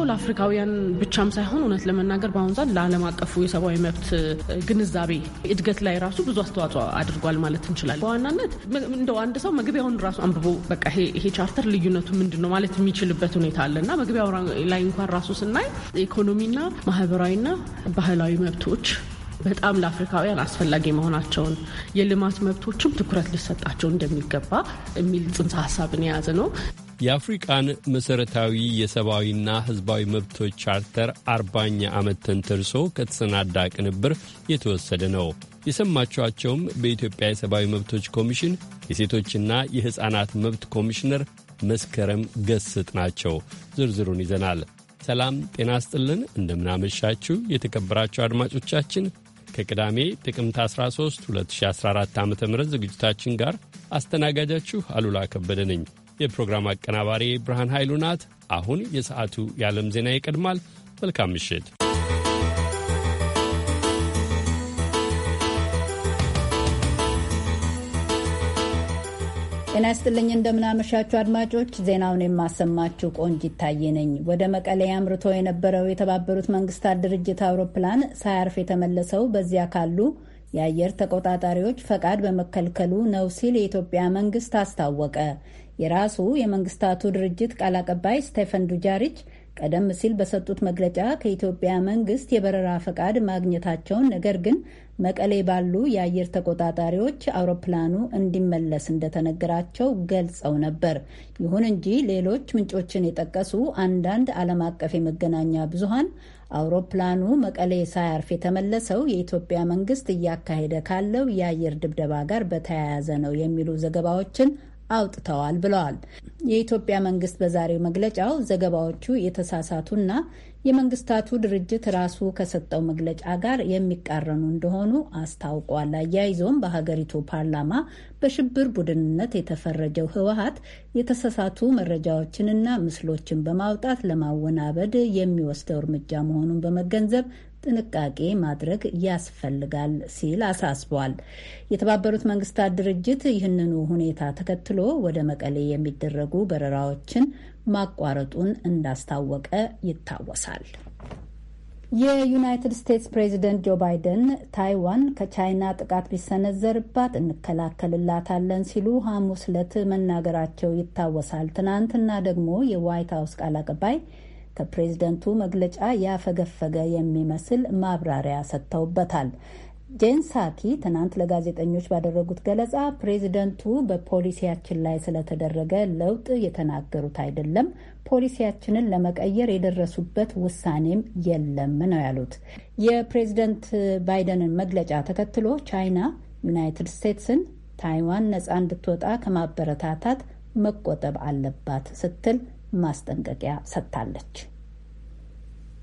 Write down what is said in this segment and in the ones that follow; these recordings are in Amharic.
የምፈልገው ለአፍሪካውያን ብቻም ሳይሆን እውነት ለመናገር በአሁኑ ሰዓት ለዓለም አቀፉ የሰብአዊ መብት ግንዛቤ እድገት ላይ ራሱ ብዙ አስተዋጽኦ አድርጓል ማለት እንችላለን። በዋናነት እንደው አንድ ሰው መግቢያውን ራሱ አንብቦ በቃ ይሄ ቻርተር ልዩነቱ ምንድን ነው ማለት የሚችልበት ሁኔታ አለ እና መግቢያው ላይ እንኳን ራሱ ስናይ ኢኮኖሚና ማህበራዊና ባህላዊ መብቶች በጣም ለአፍሪካውያን አስፈላጊ መሆናቸውን የልማት መብቶችም ትኩረት ሊሰጣቸው እንደሚገባ የሚል ጽንሰ ሀሳብን የያዘ ነው። የአፍሪቃን መሠረታዊ የሰብአዊና ሕዝባዊ መብቶች ቻርተር አርባኛ ዓመት ተንተርሶ ከተሰናዳ ቅንብር የተወሰደ ነው። የሰማችኋቸውም በኢትዮጵያ የሰብአዊ መብቶች ኮሚሽን የሴቶችና የሕፃናት መብት ኮሚሽነር መስከረም ገስጥ ናቸው። ዝርዝሩን ይዘናል። ሰላም ጤና ስጥልን። እንደምናመሻችሁ የተከበራችሁ አድማጮቻችን ከቅዳሜ ጥቅምት 13 2014 ዓ ም ዝግጅታችን ጋር አስተናጋጃችሁ አሉላ ከበደ ነኝ። የፕሮግራም አቀናባሪ ብርሃን ኃይሉ ናት። አሁን የሰዓቱ የዓለም ዜና ይቀድማል። መልካም ምሽት። ጤና ይስጥልኝ። እንደምናመሻችሁ አድማጮች፣ ዜናውን የማሰማችሁ ቆንጅ ይታየ ነኝ። ወደ መቀሌ አምርቶ የነበረው የተባበሩት መንግስታት ድርጅት አውሮፕላን ሳያርፍ የተመለሰው በዚያ ካሉ የአየር ተቆጣጣሪዎች ፈቃድ በመከልከሉ ነው ሲል የኢትዮጵያ መንግስት አስታወቀ። የራሱ የመንግስታቱ ድርጅት ቃል አቀባይ ስቴፈን ዱጃሪች ቀደም ሲል በሰጡት መግለጫ ከኢትዮጵያ መንግስት የበረራ ፈቃድ ማግኘታቸውን ነገር ግን መቀሌ ባሉ የአየር ተቆጣጣሪዎች አውሮፕላኑ እንዲመለስ እንደተነገራቸው ገልጸው ነበር። ይሁን እንጂ ሌሎች ምንጮችን የጠቀሱ አንዳንድ ዓለም አቀፍ የመገናኛ ብዙሃን አውሮፕላኑ መቀሌ ሳያርፍ የተመለሰው የኢትዮጵያ መንግስት እያካሄደ ካለው የአየር ድብደባ ጋር በተያያዘ ነው የሚሉ ዘገባዎችን አውጥተዋል ብለዋል። የኢትዮጵያ መንግስት በዛሬው መግለጫው ዘገባዎቹ የተሳሳቱና የመንግስታቱ ድርጅት ራሱ ከሰጠው መግለጫ ጋር የሚቃረኑ እንደሆኑ አስታውቋል። አያይዞም በሀገሪቱ ፓርላማ በሽብር ቡድንነት የተፈረጀው ህወሀት የተሳሳቱ መረጃዎችንና ምስሎችን በማውጣት ለማወናበድ የሚወስደው እርምጃ መሆኑን በመገንዘብ ጥንቃቄ ማድረግ ያስፈልጋል ሲል አሳስቧል። የተባበሩት መንግስታት ድርጅት ይህንኑ ሁኔታ ተከትሎ ወደ መቀሌ የሚደረጉ በረራዎችን ማቋረጡን እንዳስታወቀ ይታወሳል። የዩናይትድ ስቴትስ ፕሬዚደንት ጆ ባይደን ታይዋን ከቻይና ጥቃት ቢሰነዘርባት እንከላከልላታለን ሲሉ ሐሙስ ዕለት መናገራቸው ይታወሳል። ትናንትና ደግሞ የዋይት ሀውስ ቃል አቀባይ ከፕሬዝደንቱ መግለጫ ያፈገፈገ የሚመስል ማብራሪያ ሰጥተውበታል። ጄን ሳኪ ትናንት ለጋዜጠኞች ባደረጉት ገለጻ ፕሬዚደንቱ በፖሊሲያችን ላይ ስለተደረገ ለውጥ የተናገሩት አይደለም፣ ፖሊሲያችንን ለመቀየር የደረሱበት ውሳኔም የለም ነው ያሉት። የፕሬዚደንት ባይደንን መግለጫ ተከትሎ ቻይና ዩናይትድ ስቴትስን ታይዋን ነፃ እንድትወጣ ከማበረታታት መቆጠብ አለባት ስትል ማስጠንቀቂያ ሰጥታለች።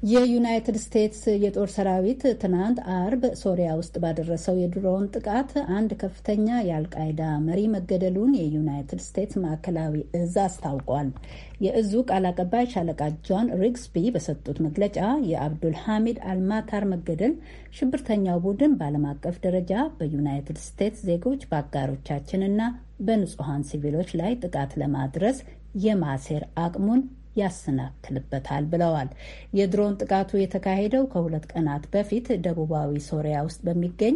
የዩናይትድ ስቴትስ የጦር ሰራዊት ትናንት አርብ ሶሪያ ውስጥ ባደረሰው የድሮውን ጥቃት አንድ ከፍተኛ የአልቃይዳ መሪ መገደሉን የዩናይትድ ስቴትስ ማዕከላዊ እዝ አስታውቋል። የእዙ ቃል አቀባይ ሻለቃ ጆን ሪግስቢ በሰጡት መግለጫ የአብዱል ሐሚድ አልማታር መገደል ሽብርተኛው ቡድን በዓለም አቀፍ ደረጃ በዩናይትድ ስቴትስ ዜጎች፣ በአጋሮቻችንና በንጹሐን ሲቪሎች ላይ ጥቃት ለማድረስ የማሴር አቅሙን ያሰናክልበታል ብለዋል። የድሮን ጥቃቱ የተካሄደው ከሁለት ቀናት በፊት ደቡባዊ ሶሪያ ውስጥ በሚገኝ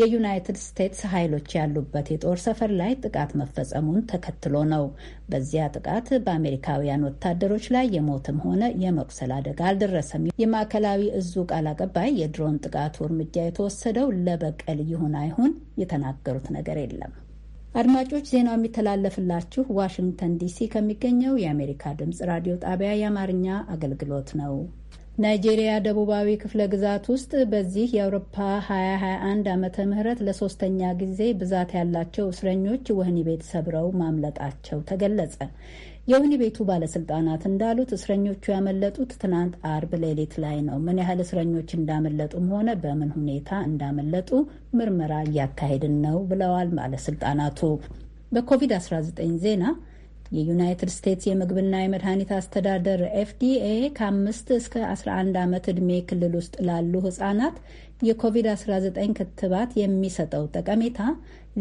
የዩናይትድ ስቴትስ ኃይሎች ያሉበት የጦር ሰፈር ላይ ጥቃት መፈጸሙን ተከትሎ ነው። በዚያ ጥቃት በአሜሪካውያን ወታደሮች ላይ የሞትም ሆነ የመቁሰል አደጋ አልደረሰም። የማዕከላዊ እዙ ቃል አቀባይ የድሮን ጥቃቱ እርምጃ የተወሰደው ለበቀል ይሁን አይሁን የተናገሩት ነገር የለም። አድማጮች ዜናው የሚተላለፍላችሁ ዋሽንግተን ዲሲ ከሚገኘው የአሜሪካ ድምፅ ራዲዮ ጣቢያ የአማርኛ አገልግሎት ነው። ናይጄሪያ ደቡባዊ ክፍለ ግዛት ውስጥ በዚህ የአውሮፓ 2021 ዓመተ ምህረት ለሶስተኛ ጊዜ ብዛት ያላቸው እስረኞች ወህኒ ቤት ሰብረው ማምለጣቸው ተገለጸ። የወህኒ ቤቱ ባለስልጣናት እንዳሉት እስረኞቹ ያመለጡት ትናንት አርብ ሌሊት ላይ ነው። ምን ያህል እስረኞች እንዳመለጡም ሆነ በምን ሁኔታ እንዳመለጡ ምርመራ እያካሄድን ነው ብለዋል ባለስልጣናቱ። በኮቪድ-19 ዜና የዩናይትድ ስቴትስ የምግብና የመድኃኒት አስተዳደር ኤፍዲኤ ከአምስት እስከ 11 ዓመት ዕድሜ ክልል ውስጥ ላሉ ህጻናት የኮቪድ-19 ክትባት የሚሰጠው ጠቀሜታ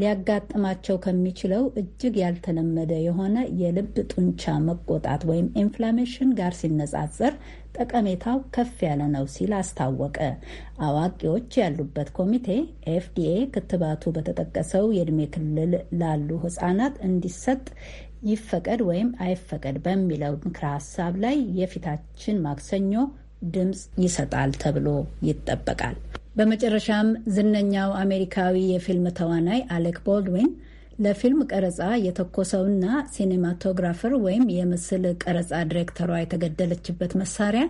ሊያጋጥማቸው ከሚችለው እጅግ ያልተለመደ የሆነ የልብ ጡንቻ መቆጣት ወይም ኢንፍላሜሽን ጋር ሲነጻጸር ጠቀሜታው ከፍ ያለ ነው ሲል አስታወቀ። አዋቂዎች ያሉበት ኮሚቴ ኤፍዲኤ ክትባቱ በተጠቀሰው የእድሜ ክልል ላሉ ህጻናት እንዲሰጥ ይፈቀድ ወይም አይፈቀድ በሚለው ምክረ ሀሳብ ላይ የፊታችን ማክሰኞ ድምፅ ይሰጣል ተብሎ ይጠበቃል። በመጨረሻም ዝነኛው አሜሪካዊ የፊልም ተዋናይ አሌክ ቦልድዊን ለፊልም ቀረጻ የተኮሰውና ሲኔማቶግራፈር ወይም የምስል ቀረጻ ዲሬክተሯ የተገደለችበት መሳሪያ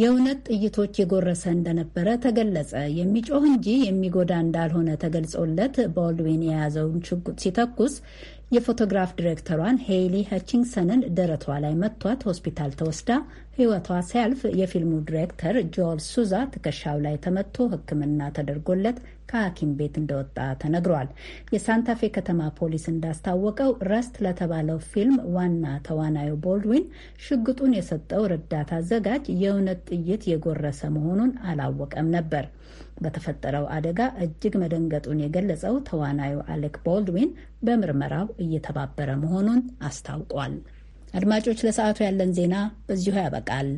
የእውነት ጥይቶች የጎረሰ እንደነበረ ተገለጸ። የሚጮህ እንጂ የሚጎዳ እንዳልሆነ ተገልጾለት ቦልድዊን የያዘውን ሽጉጥ ሲተኩስ የፎቶግራፍ ዲሬክተሯን ሄይሊ ሀቺንግሰንን ደረቷ ላይ መቷት ሆስፒታል ተወስዳ ሕይወቷ ሲያልፍ የፊልሙ ዲሬክተር ጆል ሱዛ ትከሻው ላይ ተመቶ ሕክምና ተደርጎለት ከሐኪም ቤት እንደወጣ ተነግሯል። የሳንታፌ ከተማ ፖሊስ እንዳስታወቀው ረስት ለተባለው ፊልም ዋና ተዋናዩ ቦልድዊን ሽጉጡን የሰጠው ረዳት አዘጋጅ የእውነት ጥይት የጎረሰ መሆኑን አላወቀም ነበር። በተፈጠረው አደጋ እጅግ መደንገጡን የገለጸው ተዋናዩ አሌክ ቦልድዊን በምርመራው እየተባበረ መሆኑን አስታውቋል። አድማጮች፣ ለሰዓቱ ያለን ዜና በዚሁ ያበቃል።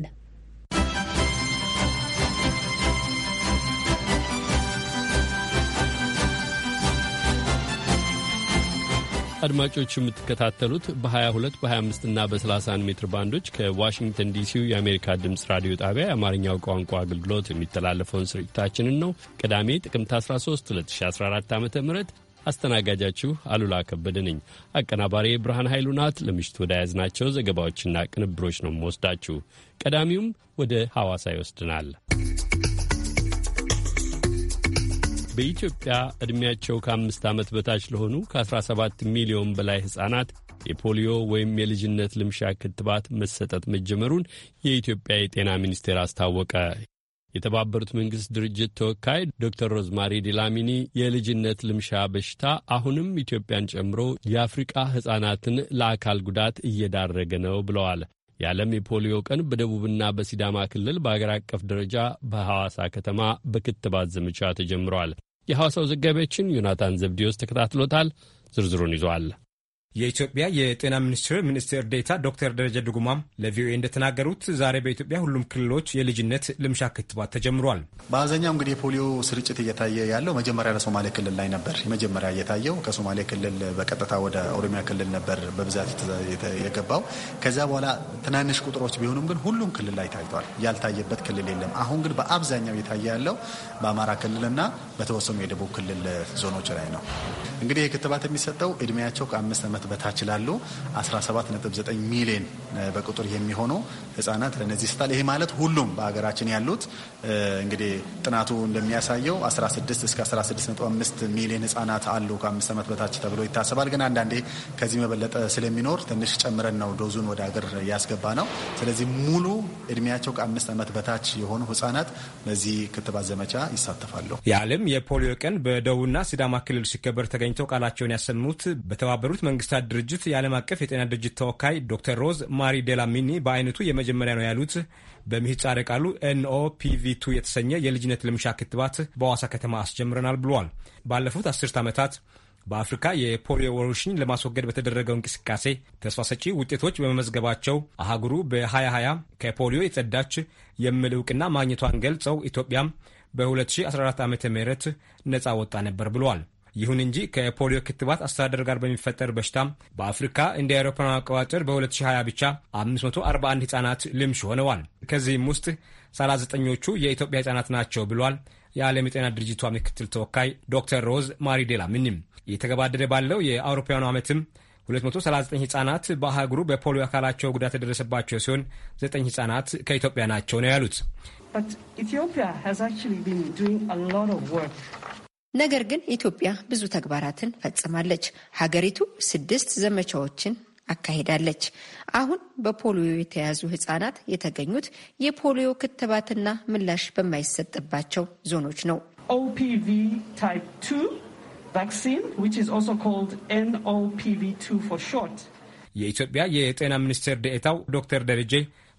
አድማጮች የምትከታተሉት በ22 በ25 እና በ31 ሜትር ባንዶች ከዋሽንግተን ዲሲው የአሜሪካ ድምፅ ራዲዮ ጣቢያ የአማርኛው ቋንቋ አገልግሎት የሚተላለፈውን ስርጭታችንን ነው። ቅዳሜ ጥቅምት 13 2014 ዓ ም አስተናጋጃችሁ አሉላ ከበደ ነኝ። አቀናባሪ ብርሃን ኃይሉ ናት። ለምሽቱ ወዳያዝናቸው ዘገባዎችና ቅንብሮች ነው የምወስዳችሁ። ቀዳሚውም ወደ ሐዋሳ ይወስድናል። በኢትዮጵያ ዕድሜያቸው ከአምስት ዓመት በታች ለሆኑ ከ17 ሚሊዮን በላይ ሕፃናት የፖሊዮ ወይም የልጅነት ልምሻ ክትባት መሰጠት መጀመሩን የኢትዮጵያ የጤና ሚኒስቴር አስታወቀ። የተባበሩት መንግሥት ድርጅት ተወካይ ዶክተር ሮዝማሪ ዲላሚኒ የልጅነት ልምሻ በሽታ አሁንም ኢትዮጵያን ጨምሮ የአፍሪቃ ሕፃናትን ለአካል ጉዳት እየዳረገ ነው ብለዋል። የዓለም የፖሊዮ ቀን በደቡብና በሲዳማ ክልል በአገር አቀፍ ደረጃ በሐዋሳ ከተማ በክትባት ዘመቻ ተጀምሯል። የሐዋሳው ዘጋቢያችን ዮናታን ዘብዲዮስ ተከታትሎታል፣ ዝርዝሩን ይዟል። የኢትዮጵያ የጤና ሚኒስቴር ሚኒስትር ዴኤታ ዶክተር ደረጀ ድጉማም ለቪኦኤ እንደተናገሩት ዛሬ በኢትዮጵያ ሁሉም ክልሎች የልጅነት ልምሻ ክትባት ተጀምሯል። በአብዛኛው እንግዲህ የፖሊዮ ስርጭት እየታየ ያለው መጀመሪያ ለሶማሌ ክልል ላይ ነበር። መጀመሪያ እየታየው ከሶማሌ ክልል በቀጥታ ወደ ኦሮሚያ ክልል ነበር በብዛት የገባው። ከዚያ በኋላ ትናንሽ ቁጥሮች ቢሆኑም ግን ሁሉም ክልል ላይ ታይቷል። ያልታየበት ክልል የለም። አሁን ግን በአብዛኛው እየታየ ያለው በአማራ ክልልና በተወሰኑ የደቡብ ክልል ዞኖች ላይ ነው። እንግዲህ ይህ ክትባት የሚሰጠው እድሜያቸው ከአምስት ዓመት ከ በታች ላሉ 17.9 ሚሊዮን በቁጥር የሚሆኑ ህጻናት ለነዚህ ስታል ይሄ ማለት ሁሉም በሀገራችን ያሉት እንግዲህ ጥናቱ እንደሚያሳየው 16 እስከ 16.5 ሚሊዮን ህጻናት አሉ ከአምስት ዓመት በታች ተብሎ ይታሰባል። ግን አንዳንዴ ከዚህ መበለጠ ስለሚኖር ትንሽ ጨምረን ነው ዶዙን ወደ ሀገር ያስገባ ነው። ስለዚህ ሙሉ እድሜያቸው ከአምስት ዓመት በታች የሆኑ ህጻናት በዚህ ክትባት ዘመቻ ይሳተፋሉ። የዓለም የፖሊዮ ቀን በደቡብና ሲዳማ ክልል ሲከበር ተገኝተው ቃላቸውን ያሰሙት በተባበሩት መንግስታት መንግስታት ድርጅት የዓለም አቀፍ የጤና ድርጅት ተወካይ ዶክተር ሮዝ ማሪ ዴላሚኒ በአይነቱ የመጀመሪያ ነው ያሉት በምህጻረ ቃሉ ኤንኦፒቪ2 የተሰኘ የልጅነት ልምሻ ክትባት በሐዋሳ ከተማ አስጀምረናል ብሏል። ባለፉት አስርት ዓመታት በአፍሪካ የፖሊዮ ወረርሽኝ ለማስወገድ በተደረገው እንቅስቃሴ ተስፋ ሰጪ ውጤቶች በመመዝገባቸው አህጉሩ በ2020 ከፖሊዮ የጸዳች የሚል እውቅና ማግኘቷን ገልጸው ኢትዮጵያም በ2014 ዓ ም ነፃ ወጣ ነበር ብሏል። ይሁን እንጂ ከፖሊዮ ክትባት አስተዳደር ጋር በሚፈጠር በሽታ በአፍሪካ እንደ አውሮፓውያን አቆጣጠር በ2020 ብቻ 541 ህጻናት ልምሽ ሆነዋል። ከዚህም ውስጥ 39ኞቹ የኢትዮጵያ ህጻናት ናቸው ብሏል የዓለም የጤና ድርጅቷ ምክትል ተወካይ ዶክተር ሮዝ ማሪ ዴላ ምንም እየተገባደደ ባለው የአውሮፓውያኑ ዓመትም 239 ህጻናት በአህጉሩ በፖሊዮ አካላቸው ጉዳት የደረሰባቸው ሲሆን ዘጠኝ ህጻናት ከኢትዮጵያ ናቸው ነው ያሉት። ነገር ግን ኢትዮጵያ ብዙ ተግባራትን ፈጽማለች። ሀገሪቱ ስድስት ዘመቻዎችን አካሂዳለች። አሁን በፖሊዮ የተያዙ ህጻናት የተገኙት የፖሊዮ ክትባትና ምላሽ በማይሰጥባቸው ዞኖች ነው። ኦፒቪ ታይፕ ቫክሲን ዊች ኢዝ ኦልሶ ኮልድ ኤንኦፒቪ ፎር ሾርት የኢትዮጵያ የጤና ሚኒስቴር ደኤታው ዶክተር ደረጀ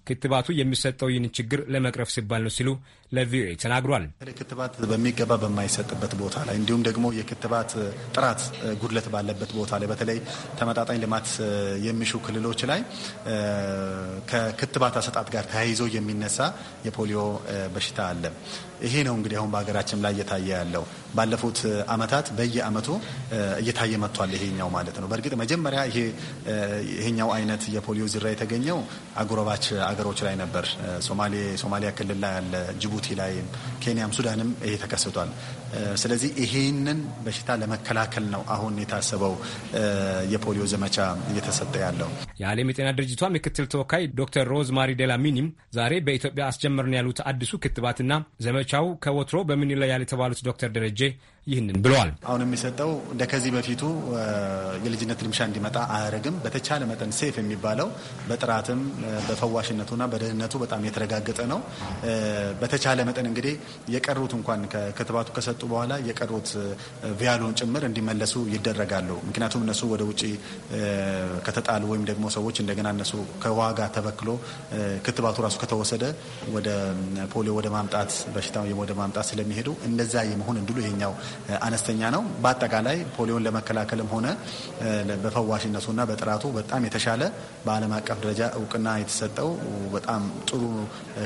ክትባቱ የሚሰጠው ይህን ችግር ለመቅረፍ ሲባል ነው ሲሉ ለቪኦኤ ተናግሯል። ክትባት በሚገባ በማይሰጥበት ቦታ ላይ እንዲሁም ደግሞ የክትባት ጥራት ጉድለት ባለበት ቦታ ላይ በተለይ ተመጣጣኝ ልማት የሚሹ ክልሎች ላይ ከክትባት አሰጣጥ ጋር ተያይዞ የሚነሳ የፖሊዮ በሽታ አለ። ይሄ ነው እንግዲህ አሁን በሀገራችን ላይ እየታየ ያለው። ባለፉት አመታት በየአመቱ እየታየ መጥቷል ይሄኛው ማለት ነው። በእርግጥ መጀመሪያ ይሄ ይሄኛው አይነት የፖሊዮ ዝራ የተገኘው አጎራባች አገሮች ላይ ነበር። ሶማሌ ሶማሊያ ክልል ላይ አለ፣ ጅቡ ጅቡቲ ላይም ኬንያም ሱዳንም ይሄ ተከስቷል። ስለዚህ ይሄንን በሽታ ለመከላከል ነው አሁን የታሰበው የፖሊዮ ዘመቻ እየተሰጠ ያለው። የዓለም የጤና ድርጅቷ ምክትል ተወካይ ዶክተር ሮዝ ማሪ ደላሚኒም ዛሬ በኢትዮጵያ አስጀመርን ያሉት አዲሱ ክትባትና ዘመቻው ከወትሮ በምን ይለያል የተባሉት ዶክተር ደረጄ ይህንን ብለዋል። አሁን የሚሰጠው እንደ ከዚህ በፊቱ የልጅነት ልምሻ እንዲመጣ አያደርግም። በተቻለ መጠን ሴፍ የሚባለው በጥራትም በፈዋሽነቱና በደህንነቱ በጣም የተረጋገጠ ነው። በተቻለ መጠን እንግዲህ የቀሩት እንኳን ክትባቱ ከሰጡ በኋላ የቀሩት ቪያሎን ጭምር እንዲመለሱ ይደረጋሉ። ምክንያቱም እነሱ ወደ ውጭ ከተጣሉ ወይም ደግሞ ሰዎች እንደገና እነሱ ከዋጋ ተበክሎ ክትባቱ ራሱ ከተወሰደ ወደ ፖሊዮ ወደ ማምጣት በሽታ ወደ ማምጣት ስለሚሄዱ እንደዛ የመሆን እንድሉ ይሄኛው አነስተኛ ነው። በአጠቃላይ ፖሊዮን ለመከላከልም ሆነ በፈዋሽነቱና በጥራቱ በጣም የተሻለ በዓለም አቀፍ ደረጃ እውቅና የተሰጠው በጣም ጥሩ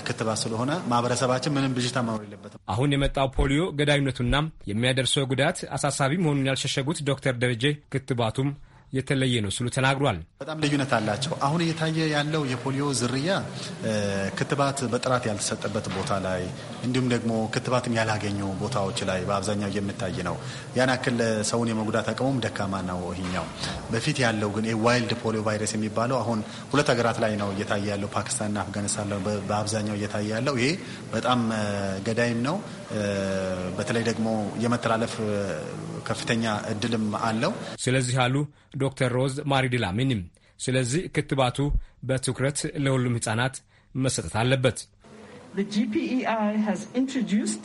ክትባት ስለሆነ ማህበረሰባችን ምንም ብዥታ መኖር የለበትም። አሁን የመጣው ፖሊዮ ገዳይነቱና የሚያደርሰው ጉዳት አሳሳቢ መሆኑን ያልሸሸጉት ዶክተር ደረጀ ክትባቱም የተለየ ነው ሲሉ ተናግሯል። በጣም ልዩነት አላቸው። አሁን እየታየ ያለው የፖሊዮ ዝርያ ክትባት በጥራት ያልተሰጠበት ቦታ ላይ እንዲሁም ደግሞ ክትባትም ያላገኙ ቦታዎች ላይ በአብዛኛው የምታይ ነው። ያን ያክል ሰውን የመጉዳት አቅሙም ደካማ ነው ይሄኛው። በፊት ያለው ግን ዋይልድ ፖሊዮ ቫይረስ የሚባለው አሁን ሁለት ሀገራት ላይ ነው እየታየ ያለው ፓኪስታንና አፍጋኒስታን በአብዛኛው እየታየ ያለው ይሄ በጣም ገዳይም ነው። በተለይ ደግሞ የመተላለፍ ከፍተኛ እድልም አለው። ስለዚህ አሉ ዶክተር ሮዝ ማሪድላሚንም። ስለዚህ ክትባቱ በትኩረት ለሁሉም ህጻናት መሰጠት አለበት። The GPEI has introduced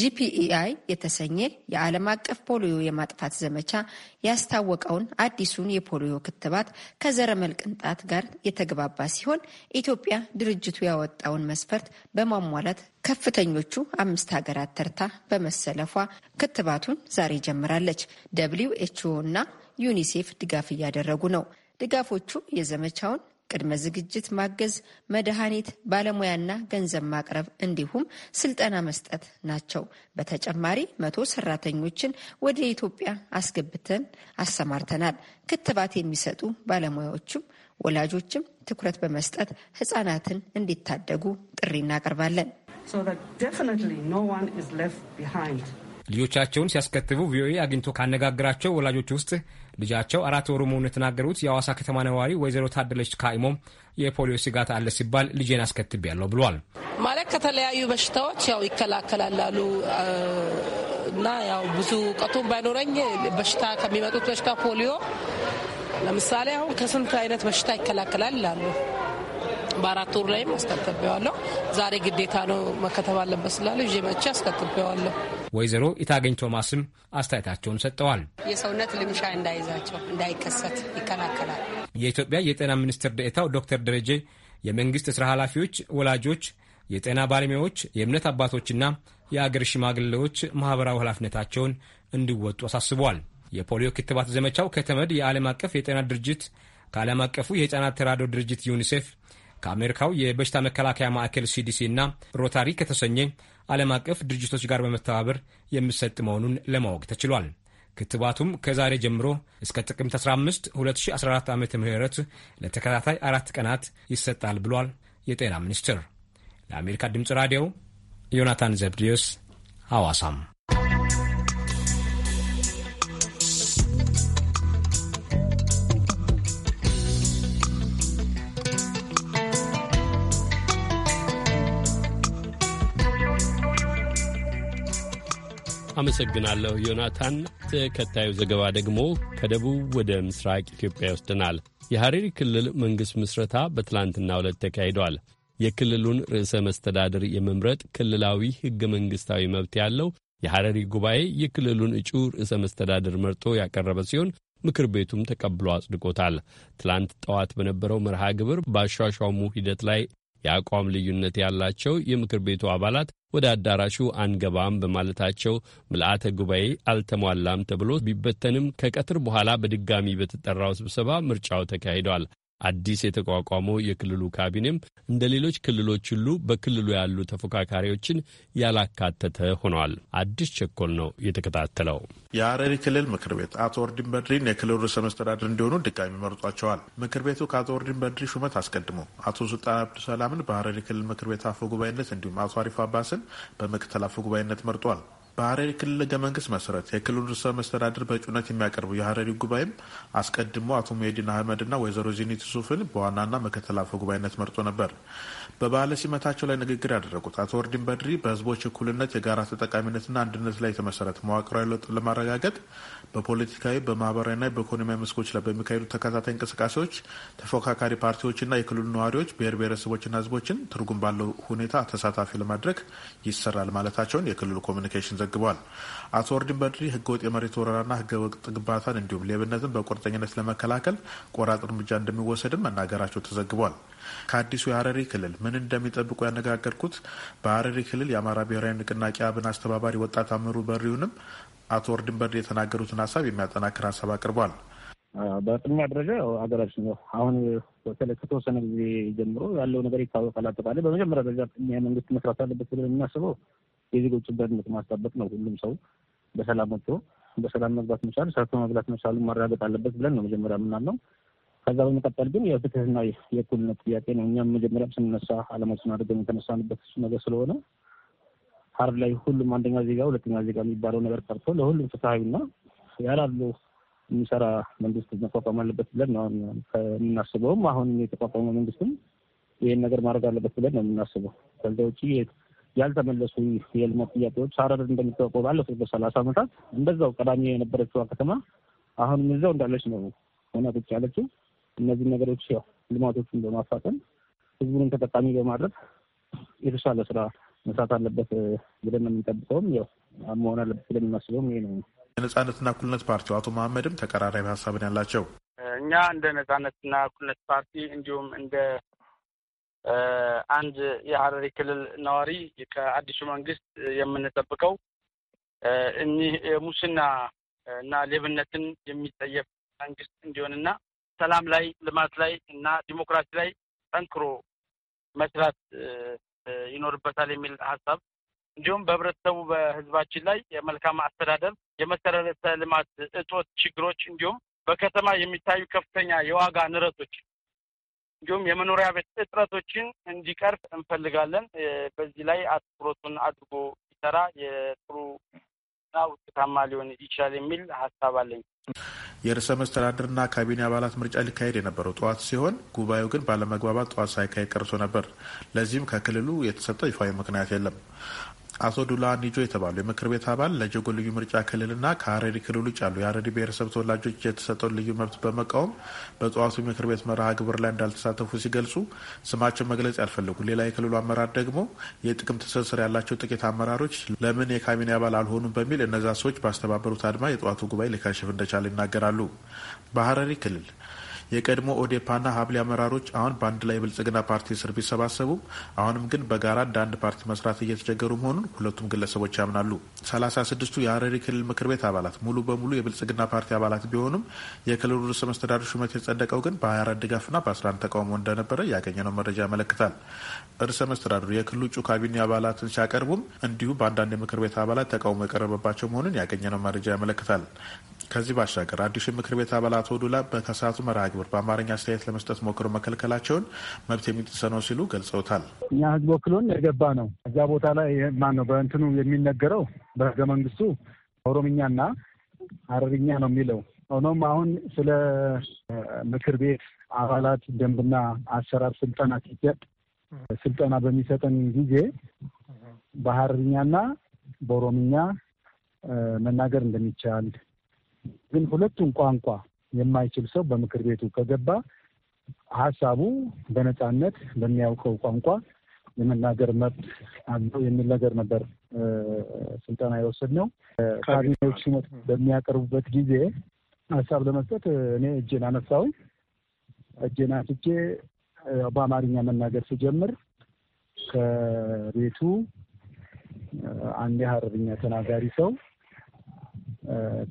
ጂፒኢአይ e የተሰኘ የዓለም አቀፍ ፖሊዮ የማጥፋት ዘመቻ ያስታወቀውን አዲሱን የፖሊዮ ክትባት ከዘረመል ቅንጣት ጋር የተግባባ ሲሆን ኢትዮጵያ ድርጅቱ ያወጣውን መስፈርት በማሟላት ከፍተኞቹ አምስት ሀገራት ተርታ በመሰለፏ ክትባቱን ዛሬ ጀምራለች። ደብሊው ኤችኦ እና ዩኒሴፍ ድጋፍ እያደረጉ ነው። ድጋፎቹ የዘመቻውን ቅድመ ዝግጅት ማገዝ፣ መድኃኒት፣ ባለሙያና ገንዘብ ማቅረብ እንዲሁም ስልጠና መስጠት ናቸው። በተጨማሪ መቶ ሰራተኞችን ወደ ኢትዮጵያ አስገብተን አሰማርተናል። ክትባት የሚሰጡ ባለሙያዎችም ወላጆችም ትኩረት በመስጠት ህጻናትን እንዲታደጉ ጥሪ እናቀርባለን። ልጆቻቸውን ሲያስከትቡ ቪኦኤ አግኝቶ ካነጋገራቸው ወላጆች ውስጥ ልጃቸው አራት ወሩ መሆኑን የተናገሩት የአዋሳ ከተማ ነዋሪ ወይዘሮ ታደለች ካኢሞም የፖሊዮ ስጋት አለ ሲባል ልጄን አስከትቤ ያለው ብሏል። ማለት ከተለያዩ በሽታዎች ያው ይከላከላላሉ እና ያው ብዙ እውቀቱም ባይኖረኝ በሽታ ከሚመጡት በሽታ ፖሊዮ ለምሳሌ አሁን ከስንት አይነት በሽታ ይከላከላል ይላሉ በአራት ወር ላይም አስከትቤዋለሁ። ዛሬ ግዴታ ነው መከተብ አለበት ስላለ ይዤ መቼ አስከትቤዋለሁ። ወይዘሮ ኢታገኝ ቶማስም አስተያየታቸውን ሰጥተዋል። የሰውነት ልምሻ እንዳይዛቸው እንዳይከሰት ይከላከላል። የኢትዮጵያ የጤና ሚኒስትር ደኤታው ዶክተር ደረጀ የመንግስት ስራ ኃላፊዎች፣ ወላጆች፣ የጤና ባለሙያዎች፣ የእምነት አባቶችና የአገር ሽማግሌዎች ማኅበራዊ ኃላፊነታቸውን እንዲወጡ አሳስቧል። የፖሊዮ ክትባት ዘመቻው ከተመድ፣ የዓለም አቀፍ የጤና ድርጅት፣ ከዓለም አቀፉ የሕፃናት ተራድኦ ድርጅት ዩኒሴፍ ከአሜሪካው የበሽታ መከላከያ ማዕከል ሲዲሲ እና ሮታሪ ከተሰኘ ዓለም አቀፍ ድርጅቶች ጋር በመተባበር የሚሰጥ መሆኑን ለማወቅ ተችሏል። ክትባቱም ከዛሬ ጀምሮ እስከ ጥቅምት 15 2014 ዓ ም ለተከታታይ አራት ቀናት ይሰጣል ብሏል የጤና ሚኒስቴር። ለአሜሪካ ድምፅ ራዲዮ ዮናታን ዘብዲዮስ ሐዋሳም አመሰግናለሁ ዮናታን። ተከታዩ ዘገባ ደግሞ ከደቡብ ወደ ምስራቅ ኢትዮጵያ ይወስደናል። የሐረሪ ክልል መንግሥት ምስረታ በትላንትና ዕለት ተካሂዷል። የክልሉን ርዕሰ መስተዳድር የመምረጥ ክልላዊ ሕገ መንግሥታዊ መብት ያለው የሐረሪ ጉባኤ የክልሉን እጩ ርዕሰ መስተዳድር መርጦ ያቀረበ ሲሆን ምክር ቤቱም ተቀብሎ አጽድቆታል። ትላንት ጠዋት በነበረው መርሃ ግብር በአሿሿሙ ሂደት ላይ የአቋም ልዩነት ያላቸው የምክር ቤቱ አባላት ወደ አዳራሹ አንገባም በማለታቸው ምልአተ ጉባኤ አልተሟላም ተብሎ ቢበተንም ከቀትር በኋላ በድጋሚ በተጠራው ስብሰባ ምርጫው ተካሂዷል። አዲስ የተቋቋመው የክልሉ ካቢኔም እንደ ሌሎች ክልሎች ሁሉ በክልሉ ያሉ ተፎካካሪዎችን ያላካተተ ሆኗል። አዲስ ቸኮል ነው የተከታተለው። የሀረሪ ክልል ምክር ቤት አቶ ወርዲን በድሪን የክልሉ ርዕሰ መስተዳድር እንዲሆኑ ድጋሚ መርጧቸዋል። ምክር ቤቱ ከአቶ ወርዲን በድሪ ሹመት አስቀድሞ አቶ ሱልጣን አብዱሰላምን በሀረሪ ክልል ምክር ቤት አፈ ጉባኤነት እንዲሁም አቶ አሪፍ አባስን በምክትል አፈ ጉባኤነት መርጧል። በሀረሪ ክልል ህገ መንግስት መሰረት የክልሉን ርዕሰ መስተዳድር በእጩነት የሚያቀርቡ የሀረሪ ጉባኤም አስቀድሞ አቶ ሙሄዲን አህመድና ወይዘሮ ዚኒት ሱፍን በዋናና ምክትል አፈ ጉባኤነት መርጦ ነበር። በባህለ ሲመታቸው ላይ ንግግር ያደረጉት አቶ ወርዲን በድሪ በህዝቦች እኩልነት፣ የጋራ ተጠቃሚነትና አንድነት ላይ የተመሰረተ መዋቅራዊ ለውጥ ለማረጋገጥ በፖለቲካዊ በማህበራዊና በኢኮኖሚያዊ መስኮች ላይ በሚካሄዱ ተከታታይ እንቅስቃሴዎች ተፎካካሪ ፓርቲዎችና የክልሉ ነዋሪዎች ብሔር ብሔረሰቦችና ህዝቦችን ትርጉም ባለው ሁኔታ ተሳታፊ ለማድረግ ይሰራል ማለታቸውን የክልሉ ኮሚኒኬሽን ዘግቧል። አቶ ወርዲን በድሪ ህገወጥ የመሬት ወረራና ህገወጥ ግንባታን እንዲሁም ሌብነትን በቁርጠኝነት ለመከላከል ቆራጥ እርምጃ እንደሚወሰድም መናገራቸው ተዘግቧል። ከአዲሱ የሀረሪ ክልል ምን እንደሚጠብቁ ያነጋገርኩት በሀረሪ ክልል የአማራ ብሔራዊ ንቅናቄ አብን አስተባባሪ ወጣት አምሩ በሪውንም አቶ ወርድን በድሬ የተናገሩትን ሀሳብ የሚያጠናክር ሀሳብ አቅርቧል። በቅድሚያ ደረጃ ሀገራችን አሁን በተለይ ከተወሰነ ጊዜ ጀምሮ ያለው ነገር ይታወቃል። አጠቃላይ በመጀመሪያ ደረጃ መንግስት መስራት አለበት ብለን የምናስበው የዜጎችን ደህንነት ማስጠበቅ ነው። ሁሉም ሰው በሰላም ወጥቶ በሰላም መግባት መቻል፣ ሰርቶ መብላት መቻሉ ማረጋገጥ አለበት ብለን ነው መጀመሪያ የምናምነው። ከዛ በመቀጠል ግን የፍትህና የእኩልነት ጥያቄ ነው። እኛም መጀመሪያም ስንነሳ አለማችን አድርገን የተነሳንበት ነገር ስለሆነ ሀረር ላይ ሁሉም አንደኛ ዜጋ ሁለተኛ ዜጋ የሚባለው ነገር ቀርቶ ለሁሉም ፍትሐዊና ያላሉ የሚሰራ መንግስት መቋቋም አለበት ብለን ነው የምናስበውም። አሁን የተቋቋመ መንግስትም ይህን ነገር ማድረግ አለበት ብለን ነው የምናስበው። ከዚ ውጭ ያልተመለሱ የልማት ጥያቄዎች ሀረር እንደሚታወቀው ባለፉት በሰላሳ ዓመታት እንደዛው ቀዳሚ የነበረችው ከተማ አሁንም እዛው እንዳለች ነው ሆናቶች ያለችው። እነዚህ ነገሮች ያው ልማቶችን በማፋጠን ህዝቡንም ተጠቃሚ በማድረግ የተሻለ ስራ መስራት አለበት ብለን ነው የምንጠብቀውም ያው መሆን አለበት ብለን የሚመስለውም ይሄ ነው። የነጻነትና እኩልነት ፓርቲው አቶ መሀመድም ተቀራራቢ ሀሳብን ያላቸው እኛ እንደ ነጻነትና እኩልነት ፓርቲ እንዲሁም እንደ አንድ የሀረሪ ክልል ነዋሪ ከአዲሱ መንግስት የምንጠብቀው እኒህ ሙስና እና ሌብነትን የሚጠየፍ መንግስት እንዲሆንና ሰላም ላይ ልማት ላይ እና ዲሞክራሲ ላይ ጠንክሮ መስራት ይኖርበታል የሚል ሀሳብ እንዲሁም በህብረተሰቡ በህዝባችን ላይ የመልካም አስተዳደር የመሰረተ ልማት እጦት ችግሮች እንዲሁም በከተማ የሚታዩ ከፍተኛ የዋጋ ንረቶች እንዲሁም የመኖሪያ ቤት እጥረቶችን እንዲቀርፍ እንፈልጋለን። በዚህ ላይ አትኩሮቱን አድርጎ ሲሰራ የጥሩ እና ውጤታማ ሊሆን ይችላል የሚል ሀሳብ አለኝ። የርዕሰ መስተዳድርና ካቢኔ አባላት ምርጫ ሊካሄድ የነበረው ጠዋት ሲሆን ጉባኤው ግን ባለመግባባት ጠዋት ሳይካሄድ ቀርቶ ነበር። ለዚህም ከክልሉ የተሰጠ ይፋዊ ምክንያት የለም። አቶ ዱላ ኒጆ የተባሉ የምክር ቤት አባል ለጀጎ ልዩ ምርጫ ክልልና ከሀረሪ ክልል ውጭ ያሉ የሀረሪ ብሔረሰብ ተወላጆች የተሰጠውን ልዩ መብት በመቃወም በጠዋቱ ምክር ቤት መርሃ ግብር ላይ እንዳልተሳተፉ ሲገልጹ ስማቸው መግለጽ ያልፈለጉ ሌላ የክልሉ አመራር ደግሞ የጥቅም ትስስር ያላቸው ጥቂት አመራሮች ለምን የካቢኔ አባል አልሆኑም በሚል እነዛ ሰዎች ባስተባበሩት አድማ የጠዋቱ ጉባኤ ሊከሽፍ እንደቻለ ይናገራሉ። በሀረሪ ክልል የቀድሞ ኦዴፓና ሀብሌ አመራሮች አሁን በአንድ ላይ የብልጽግና ፓርቲ ስር ቢሰባሰቡም አሁንም ግን በጋራ እንደ አንድ ፓርቲ መስራት እየተቸገሩ መሆኑን ሁለቱም ግለሰቦች ያምናሉ። ሰላሳ ስድስቱ የሀረሪ ክልል ምክር ቤት አባላት ሙሉ በሙሉ የብልጽግና ፓርቲ አባላት ቢሆኑም የክልሉ ርዕሰ መስተዳድር ሹመት የጸደቀው ግን በ24 ድጋፍና በ11 ተቃውሞ እንደነበረ ያገኘነው መረጃ ያመለክታል። ርዕሰ መስተዳድሩ የክልሉ ጩ ካቢኔ አባላትን ሲያቀርቡም እንዲሁ በአንዳንድ የምክር ቤት አባላት ተቃውሞ የቀረበባቸው መሆኑን ያገኘነው መረጃ ያመለክታል። ከዚህ ባሻገር አዲሱ የምክር ቤት አባላት ወዱላ በከሰዓቱ መርሃ ግብር በአማርኛ አስተያየት ለመስጠት ሞክሮ መከልከላቸውን መብት የሚጥሰ ነው ሲሉ ገልጸውታል። እኛ ህዝብ ወክሎን የገባ ነው። እዛ ቦታ ላይ ማን ነው በእንትኑ የሚነገረው በህገ መንግስቱ ኦሮምኛና ሀረርኛ ነው የሚለው። ሆኖም አሁን ስለ ምክር ቤት አባላት ደንብና አሰራር ስልጠና ሲሰጥ ስልጠና በሚሰጠን ጊዜ በሀረርኛና በኦሮምኛ መናገር እንደሚቻል ግን ሁለቱን ቋንቋ የማይችል ሰው በምክር ቤቱ ከገባ ሀሳቡ በነፃነት በሚያውቀው ቋንቋ የመናገር መብት አለው የሚል ነገር ነበር ስልጠና ነው። ካቢኔዎች ሲመጡ በሚያቀርቡበት ጊዜ ሀሳብ ለመስጠት እኔ እጄን አነሳሁኝ። እጄን አንስቼ በአማርኛ መናገር ስጀምር ከቤቱ አንድ ሀረርኛ ተናጋሪ ሰው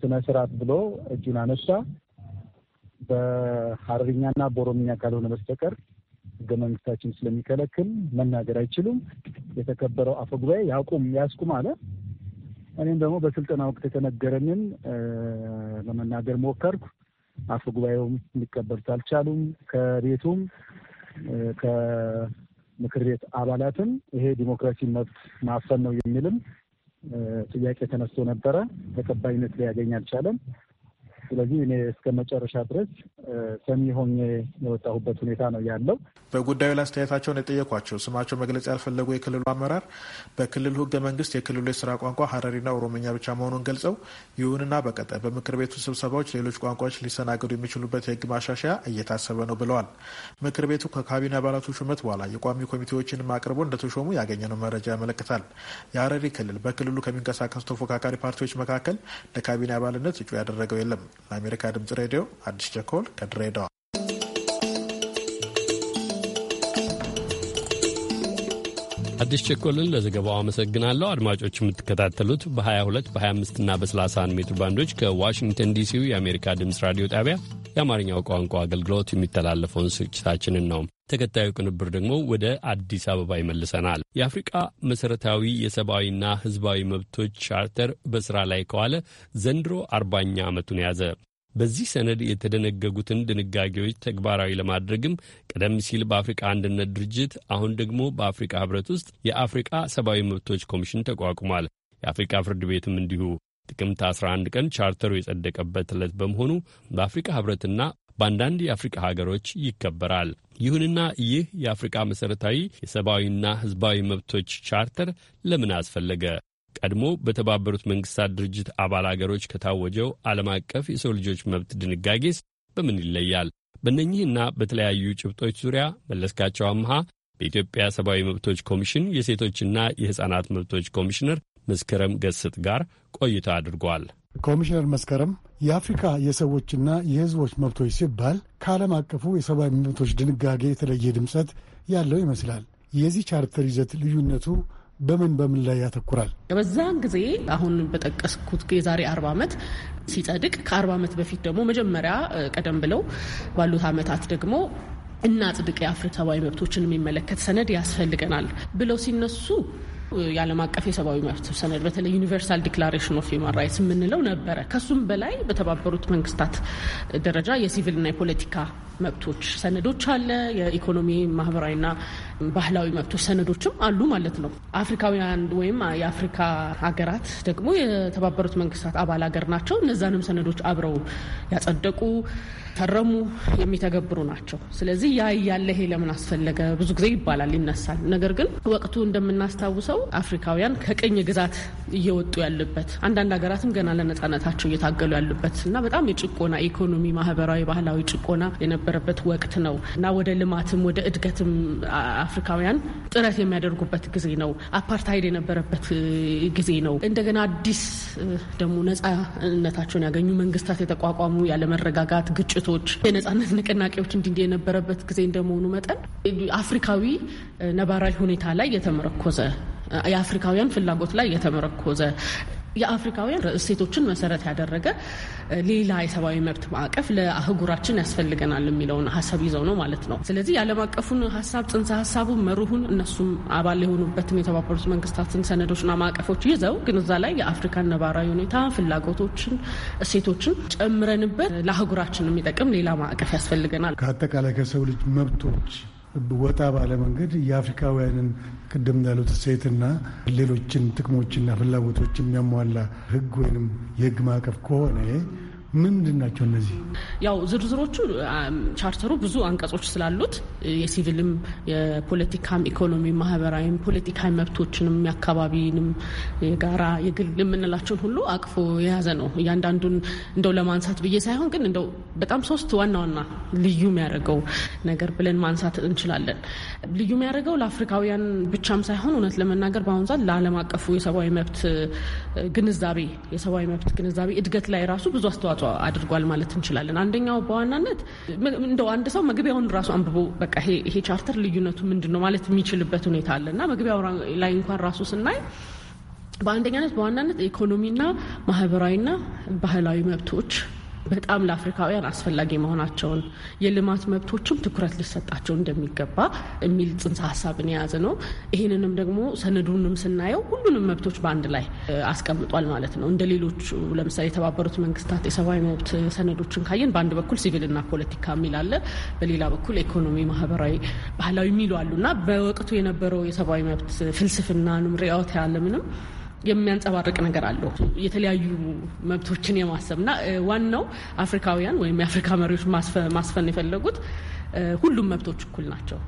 ስነስርዓት ብሎ እጁን አነሳ። በሀረርኛና በኦሮምኛ ካልሆነ በስተቀር ህገ መንግስታችን ስለሚከለክል መናገር አይችሉም፣ የተከበረው አፈ ጉባኤ ያቁም ያስቁም አለ። እኔም ደግሞ በስልጠና ወቅት የተነገረንን ለመናገር ሞከርኩ። አፈ ጉባኤውም ሊቀበሉት አልቻሉም። ከቤቱም ከምክር ቤት አባላትም ይሄ ዲሞክራሲ መብት ማፈን ነው የሚልም ጥያቄ ተነስቶ ነበረ። ተቀባይነት ሊያገኝ አልቻለም። ስለዚህ እኔ እስከ መጨረሻ ድረስ ሰሚ ሆኜ የወጣሁበት ሁኔታ ነው ያለው። በጉዳዩ ላይ አስተያየታቸውን የጠየኳቸው ስማቸው መግለጽ ያልፈለጉ የክልሉ አመራር በክልሉ ህገ መንግስት የክልሉ የስራ ቋንቋ ሀረሪና ኦሮምኛ ብቻ መሆኑን ገልጸው ይሁንና በቀጠ በምክር ቤቱ ስብሰባዎች ሌሎች ቋንቋዎች ሊሰናገዱ የሚችሉበት የህግ ማሻሻያ እየታሰበ ነው ብለዋል። ምክር ቤቱ ከካቢኔ አባላቱ ሹመት በኋላ የቋሚ ኮሚቴዎችንም አቅርቦ እንደተሾሙ ያገኘነው መረጃ ያመለክታል። የሀረሪ ክልል በክልሉ ከሚንቀሳቀሱ ተፎካካሪ ፓርቲዎች መካከል ለካቢኔ አባልነት እጩ ያደረገው የለም። ለአሜሪካ ድምጽ ሬዲዮ አዲስ ቸኮል ከድሬዳዋ አዲስ ቸኮልን ለዘገባው አመሰግናለሁ። አድማጮች የምትከታተሉት በ22 በ25 እና በ31 ሜትር ባንዶች ከዋሽንግተን ዲሲው የአሜሪካ ድምፅ ራዲዮ ጣቢያ የአማርኛው ቋንቋ አገልግሎት የሚተላለፈውን ስርጭታችንን ነው። ተከታዩ ቅንብር ደግሞ ወደ አዲስ አበባ ይመልሰናል። የአፍሪቃ መሠረታዊ የሰብአዊና ሕዝባዊ መብቶች ቻርተር በሥራ ላይ ከዋለ ዘንድሮ አርባኛ ዓመቱን ያዘ። በዚህ ሰነድ የተደነገጉትን ድንጋጌዎች ተግባራዊ ለማድረግም ቀደም ሲል በአፍሪቃ አንድነት ድርጅት አሁን ደግሞ በአፍሪቃ ህብረት ውስጥ የአፍሪቃ ሰብአዊ መብቶች ኮሚሽን ተቋቁሟል። የአፍሪቃ ፍርድ ቤትም እንዲሁ ጥቅምት 11 ቀን ቻርተሩ የጸደቀበት ዕለት በመሆኑ በአፍሪቃ ህብረትና በአንዳንድ የአፍሪቃ ሀገሮች ይከበራል። ይሁንና ይህ የአፍሪቃ መሠረታዊ የሰብአዊና ህዝባዊ መብቶች ቻርተር ለምን አስፈለገ? ቀድሞ በተባበሩት መንግስታት ድርጅት አባል አገሮች ከታወጀው ዓለም አቀፍ የሰው ልጆች መብት ድንጋጌስ በምን ይለያል? በእነኚህና በተለያዩ ጭብጦች ዙሪያ መለስካቸው አምሃ በኢትዮጵያ ሰብአዊ መብቶች ኮሚሽን የሴቶችና የሕፃናት መብቶች ኮሚሽነር መስከረም ገስጥ ጋር ቆይታ አድርጓል። ኮሚሽነር መስከረም የአፍሪካ የሰዎችና የሕዝቦች መብቶች ሲባል ከዓለም አቀፉ የሰብአዊ መብቶች ድንጋጌ የተለየ ድምፀት ያለው ይመስላል። የዚህ ቻርተር ይዘት ልዩነቱ በምን በምን ላይ ያተኩራል? በዛን ጊዜ አሁን በጠቀስኩት የዛሬ አርባ ዓመት ሲጸድቅ ከአርባ ዓመት በፊት ደግሞ መጀመሪያ ቀደም ብለው ባሉት ዓመታት ደግሞ እናጽድቅ የአፍሪ ሰብአዊ መብቶችን የሚመለከት ሰነድ ያስፈልገናል ብለው ሲነሱ የዓለም አቀፍ የሰብአዊ መብት ሰነድ በተለይ ዩኒቨርሳል ዲክላሬሽን ኦፍ ሂውማን ራይትስ የምንለው ነበረ። ከሱም በላይ በተባበሩት መንግስታት ደረጃ የሲቪልና የፖለቲካ መብቶች ሰነዶች አለ። የኢኮኖሚ ማህበራዊና ባህላዊ መብቶች ሰነዶችም አሉ ማለት ነው። አፍሪካውያን ወይም የአፍሪካ ሀገራት ደግሞ የተባበሩት መንግስታት አባል ሀገር ናቸው። እነዛንም ሰነዶች አብረው ያጸደቁ፣ ፈረሙ፣ የሚተገብሩ ናቸው። ስለዚህ ያ እያለ ይሄ ለምን አስፈለገ ብዙ ጊዜ ይባላል፣ ይነሳል። ነገር ግን ወቅቱ እንደምናስታውሰው አፍሪካውያን ከቅኝ ግዛት እየወጡ ያለበት አንዳንድ ሀገራትም ገና ለነጻነታቸው እየታገሉ ያሉበት እና በጣም የጭቆና ኢኮኖሚ፣ ማህበራዊ፣ ባህላዊ ጭቆና የነበረበት ወቅት ነው እና ወደ ልማትም ወደ እድገትም አፍሪካውያን ጥረት የሚያደርጉበት ጊዜ ነው። አፓርታይድ የነበረበት ጊዜ ነው። እንደገና አዲስ ደግሞ ነጻነታቸውን ያገኙ መንግስታት የተቋቋሙ ያለመረጋጋት፣ ግጭቶች፣ የነጻነት ንቅናቄዎች እንዲ የነበረበት ጊዜ እንደመሆኑ መጠን አፍሪካዊ ነባራዊ ሁኔታ ላይ የተመረኮዘ የአፍሪካውያን ፍላጎት ላይ የተመረኮዘ የአፍሪካውያን እሴቶችን መሰረት ያደረገ ሌላ የሰብአዊ መብት ማዕቀፍ ለአህጉራችን ያስፈልገናል የሚለውን ሀሳብ ይዘው ነው ማለት ነው። ስለዚህ የዓለም አቀፉን ሀሳብ ጽንሰ ሀሳቡን መርሁን እነሱም አባል የሆኑበትን የተባበሩት መንግስታትን ሰነዶችና ማዕቀፎች ይዘው ግን እዛ ላይ የአፍሪካን ነባራዊ ሁኔታ ፍላጎቶችን፣ እሴቶችን ጨምረንበት ለአህጉራችን የሚጠቅም ሌላ ማዕቀፍ ያስፈልገናል። ከአጠቃላይ ከሰው ልጅ መብቶች ወጣ ባለ መንገድ የአፍሪካውያንን ቅድም እንዳሉት ሴትና ሌሎችን ጥቅሞችና ፍላጎቶች የሚያሟላ ህግ ወይንም የህግ ማዕቀፍ ከሆነ ምንድን ናቸው እነዚህ? ያው ዝርዝሮቹ ቻርተሩ ብዙ አንቀጾች ስላሉት የሲቪልም፣ የፖለቲካም፣ ኢኮኖሚ፣ ማህበራዊም፣ ፖለቲካዊ መብቶችንም፣ የአካባቢንም፣ የጋራ የግል የምንላቸውን ሁሉ አቅፎ የያዘ ነው። እያንዳንዱን እንደው ለማንሳት ብዬ ሳይሆን ግን እንደው በጣም ሶስት ዋና ዋና ልዩ የሚያደርገው ነገር ብለን ማንሳት እንችላለን። ልዩ የሚያደርገው ለአፍሪካውያን ብቻም ሳይሆን እውነት ለመናገር በአሁኑ ሰዓት ለዓለም አቀፉ የሰብአዊ መብት ግንዛቤ የሰብአዊ መብት ግንዛቤ እድገት ላይ ራሱ ብዙ አስተዋጽኦ አስተዋጽኦ አድርጓል ማለት እንችላለን። አንደኛው በዋናነት እንደው አንድ ሰው መግቢያውን ራሱ አንብቦ በቃ ይሄ ቻርተር ልዩነቱ ምንድን ነው ማለት የሚችልበት ሁኔታ አለ እና መግቢያው ላይ እንኳን ራሱ ስናይ በአንደኛነት በዋናነት ኢኮኖሚና ማህበራዊና ባህላዊ መብቶች በጣም ለአፍሪካውያን አስፈላጊ መሆናቸውን የልማት መብቶችም ትኩረት ሊሰጣቸው እንደሚገባ የሚል ጽንሰ ሀሳብን የያዘ ነው። ይህንንም ደግሞ ሰነዱንም ስናየው ሁሉንም መብቶች በአንድ ላይ አስቀምጧል ማለት ነው። እንደ ሌሎቹ ለምሳሌ የተባበሩት መንግስታት የሰብአዊ መብት ሰነዶችን ካየን በአንድ በኩል ሲቪልና ፖለቲካ የሚል አለ፣ በሌላ በኩል ኢኮኖሚ፣ ማህበራዊ፣ ባህላዊ የሚሉ አሉ እና በወቅቱ የነበረው የሰብአዊ መብት ፍልስፍናንም ሪያት ያለምንም የሚያንጸባርቅ ነገር አለው። የተለያዩ መብቶችን የማሰብ እና ዋናው አፍሪካውያን ወይም የአፍሪካ መሪዎች ማስፈን የፈለጉት ሁሉም መብቶች እኩል ናቸው።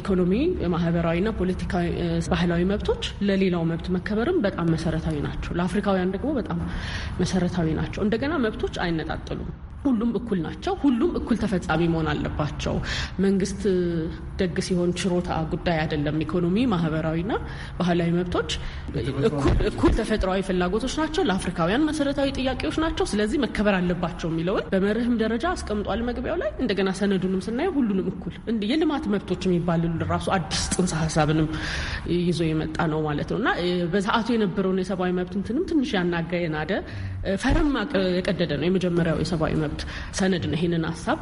ኢኮኖሚ፣ ማህበራዊና ፖለቲካዊ፣ ባህላዊ መብቶች ለሌላው መብት መከበርም በጣም መሰረታዊ ናቸው። ለአፍሪካውያን ደግሞ በጣም መሰረታዊ ናቸው። እንደገና መብቶች አይነጣጥሉም። ሁሉም እኩል ናቸው። ሁሉም እኩል ተፈጻሚ መሆን አለባቸው። መንግስት ደግ ሲሆን ችሮታ ጉዳይ አይደለም። ኢኮኖሚ፣ ማህበራዊና ባህላዊ መብቶች እኩል ተፈጥሯዊ ፍላጎቶች ናቸው። ለአፍሪካውያን መሰረታዊ ጥያቄዎች ናቸው። ስለዚህ መከበር አለባቸው የሚለውን በመርህም ደረጃ አስቀምጧል መግቢያው ላይ። እንደገና ሰነዱንም ስናየው ሁሉንም እኩል የልማት መብቶች የሚባልሉ ራሱ አዲስ ጽንሰ ሀሳብንም ይዞ የመጣ ነው ማለት ነው እና በሰዓቱ የነበረውን የሰብአዊ መብት እንትንም ትንሽ ያናጋ የናደ ፈርም የቀደደ ነው። የመጀመሪያው የሰብአዊ መብት ሰነድ ነው። ይህንን ሀሳብ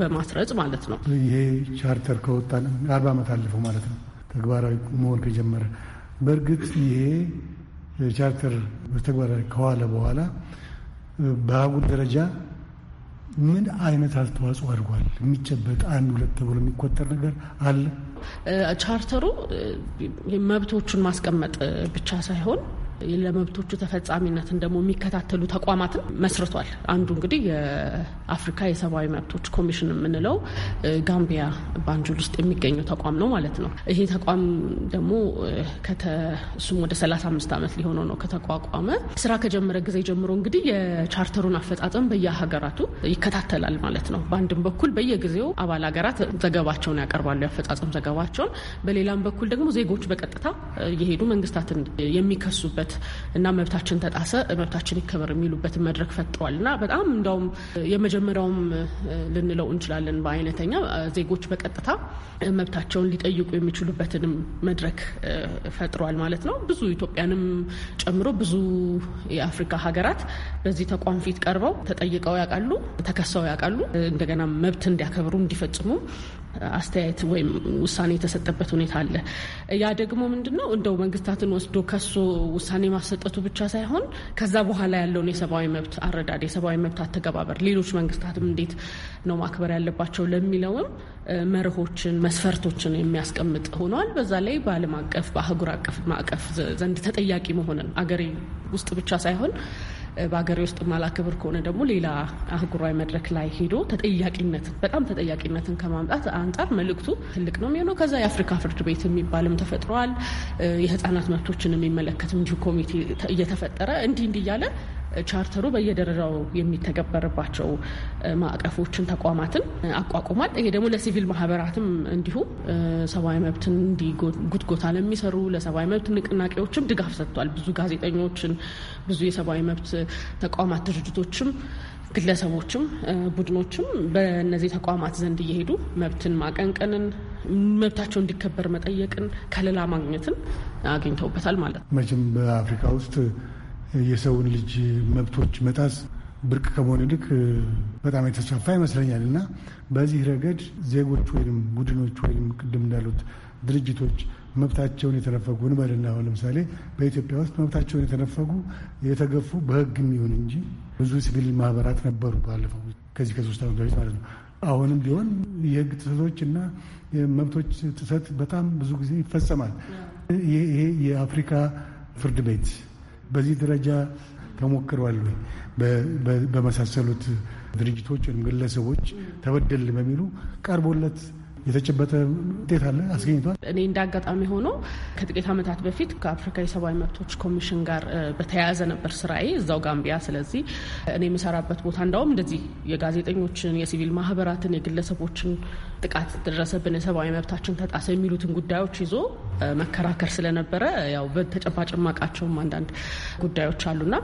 በማስረጽ ማለት ነው። ይሄ ቻርተር ከወጣ አርባ ዓመት አለፈው ማለት ነው ተግባራዊ መሆን ከጀመረ። በእርግጥ ይሄ ቻርተር በተግባራዊ ከዋለ በኋላ በአህጉር ደረጃ ምን አይነት አስተዋጽኦ አድርጓል? የሚጨበጥ አንድ ሁለት ተብሎ የሚቆጠር ነገር አለ? ቻርተሩ መብቶቹን ማስቀመጥ ብቻ ሳይሆን ለመብቶቹ ተፈጻሚነትን ደግሞ የሚከታተሉ ተቋማትን መስርቷል። አንዱ እንግዲህ የአፍሪካ የሰብአዊ መብቶች ኮሚሽን የምንለው ጋምቢያ ባንጁል ውስጥ የሚገኘው ተቋም ነው ማለት ነው። ይሄ ተቋም ደግሞ ከተሱም ወደ 35 ዓመት ሊሆነው ነው ከተቋቋመ። ስራ ከጀመረ ጊዜ ጀምሮ እንግዲህ የቻርተሩን አፈጻጸም በየሀገራቱ ይከታተላል ማለት ነው። በአንድም በኩል በየጊዜው አባል ሀገራት ዘገባቸውን ያቀርባሉ፣ የአፈጻጸም ዘገባቸውን። በሌላም በኩል ደግሞ ዜጎች በቀጥታ እየሄዱ መንግስታትን የሚከሱበት የሚሉበት እና መብታችን ተጣሰ፣ መብታችን ይከበር የሚሉበትን መድረክ ፈጥሯል እና በጣም እንደውም የመጀመሪያውም ልንለው እንችላለን በአይነተኛ ዜጎች በቀጥታ መብታቸውን ሊጠይቁ የሚችሉበትንም መድረክ ፈጥሯል ማለት ነው። ብዙ ኢትዮጵያንም ጨምሮ ብዙ የአፍሪካ ሀገራት በዚህ ተቋም ፊት ቀርበው ተጠይቀው ያውቃሉ፣ ተከሰው ያውቃሉ። እንደገና መብት እንዲያከብሩ እንዲፈጽሙ አስተያየት ወይም ውሳኔ የተሰጠበት ሁኔታ አለ። ያ ደግሞ ምንድን ነው እንደው መንግስታትን ወስዶ ከሶ ውሳኔ ማሰጠቱ ብቻ ሳይሆን ከዛ በኋላ ያለውን የሰብአዊ መብት አረዳድ፣ የሰብአዊ መብት አተገባበር፣ ሌሎች መንግስታትም እንዴት ነው ማክበር ያለባቸው ለሚለውም መርሆችን፣ መስፈርቶችን የሚያስቀምጥ ሆኗል። በዛ ላይ በዓለም አቀፍ በአህጉር አቀፍ ማዕቀፍ ዘንድ ተጠያቂ መሆንን አገሬ ውስጥ ብቻ ሳይሆን በሀገሬ ውስጥ ማላክብር ከሆነ ደግሞ ሌላ አህጉራዊ መድረክ ላይ ሄዶ ተጠያቂነትን በጣም ተጠያቂነትን ከማምጣት አንጻር መልእክቱ ትልቅ ነው የሚሆነው። ከዛ የአፍሪካ ፍርድ ቤት የሚባልም ተፈጥሯል። የህጻናት መብቶችን የሚመለከት እንዲሁ ኮሚቴ እየተፈጠረ እንዲህ እንዲህ እያለ ቻርተሩ በየደረጃው የሚተገበርባቸው ማዕቀፎችን፣ ተቋማትን አቋቁሟል። ይሄ ደግሞ ለሲቪል ማህበራትም እንዲሁ ሰብአዊ መብትን ጉትጎታ ለሚሰሩ ለሰብአዊ መብት ንቅናቄዎችም ድጋፍ ሰጥቷል። ብዙ ጋዜጠኞችን፣ ብዙ የሰብአዊ መብት ተቋማት ድርጅቶችም ግለሰቦችም ቡድኖችም በእነዚህ ተቋማት ዘንድ እየሄዱ መብትን ማቀንቀንን መብታቸው እንዲከበር መጠየቅን ከሌላ ማግኘትን አግኝተውበታል ማለት ነው። መቼም በአፍሪካ ውስጥ የሰውን ልጅ መብቶች መጣስ ብርቅ ከመሆን ይልቅ በጣም የተስፋፋ ይመስለኛል እና በዚህ ረገድ ዜጎች ወይም ቡድኖች ወይም ቅድም እንዳሉት ድርጅቶች መብታቸውን የተነፈጉ እንበልና አሁን ለምሳሌ በኢትዮጵያ ውስጥ መብታቸውን የተነፈጉ የተገፉ በህግ የሚሆን እንጂ ብዙ ሲቪል ማህበራት ነበሩ ባለፈው ከዚህ ከሶስት ዓመት በፊት ማለት ነው። አሁንም ቢሆን የሕግ ጥሰቶች እና የመብቶች ጥሰት በጣም ብዙ ጊዜ ይፈጸማል። ይሄ የአፍሪካ ፍርድ ቤት በዚህ ደረጃ ተሞክሯል ወይ? በመሳሰሉት ድርጅቶች ወይም ግለሰቦች ተበደል በሚሉ ቀርቦለት የተጨበጠ ውጤት አለ አስገኝቷል። እኔ እንደ አጋጣሚ ሆኖ ከጥቂት ዓመታት በፊት ከአፍሪካ የሰብአዊ መብቶች ኮሚሽን ጋር በተያያዘ ነበር ስራዬ እዛው ጋምቢያ። ስለዚህ እኔ የምሰራበት ቦታ እንዳውም እንደዚህ የጋዜጠኞችን፣ የሲቪል ማህበራትን፣ የግለሰቦችን ጥቃት ደረሰብን፣ የሰብአዊ መብታችን ተጣሰ የሚሉትን ጉዳዮች ይዞ መከራከር ስለነበረ ያው በተጨባጭ ማቃቸውም አንዳንድ ጉዳዮች አሉና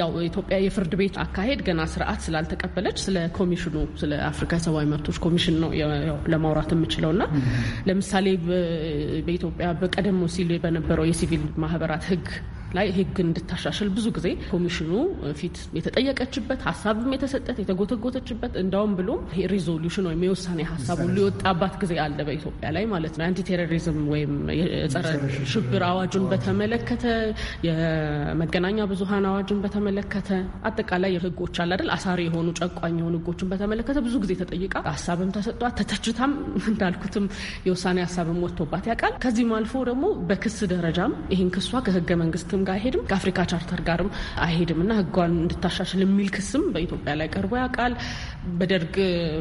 ያው ኢትዮጵያ የፍርድ ቤት አካሄድ ገና ስርዓት ስላልተቀበለች ስለ ኮሚሽኑ ስለ አፍሪካ የሰብአዊ መብቶች ኮሚሽን ነው ለማውራት የምችለው እና ለምሳሌ በኢትዮጵያ በቀደም ሲል በነበረው የሲቪል ማህበራት ህግ ላይ ህግ እንድታሻሽል ብዙ ጊዜ ኮሚሽኑ ፊት የተጠየቀችበት ሀሳብም የተሰጠት የተጎተጎተችበት እንዳውም ብሎም ሪዞሉሽን ወይም የውሳኔ ሀሳቡ ሊወጣባት ጊዜ አለ በኢትዮጵያ ላይ ማለት ነው። አንቲቴሮሪዝም ወይም የጸረ ሽብር አዋጁን በተመለከተ የመገናኛ ብዙሀን አዋጁን በተመለከተ አጠቃላይ ህጎች አለ አይደል አሳሪ የሆኑ ጨቋኝ የሆኑ ህጎችን በተመለከተ ብዙ ጊዜ ተጠይቃ ሀሳብም ተሰጥቷት ተተችታም እንዳልኩትም የውሳኔ ሀሳብም ወጥቶባት ያውቃል። ከዚህም አልፎ ደግሞ በክስ ደረጃም ይህን ክሷ ከህገ መንግስትም ጋር አይሄድም፣ ከአፍሪካ ቻርተር ጋርም አይሄድም እና ህጓን እንድታሻሽል የሚል ክስም በኢትዮጵያ ላይ ቀርቦ ያውቃል። በደርግ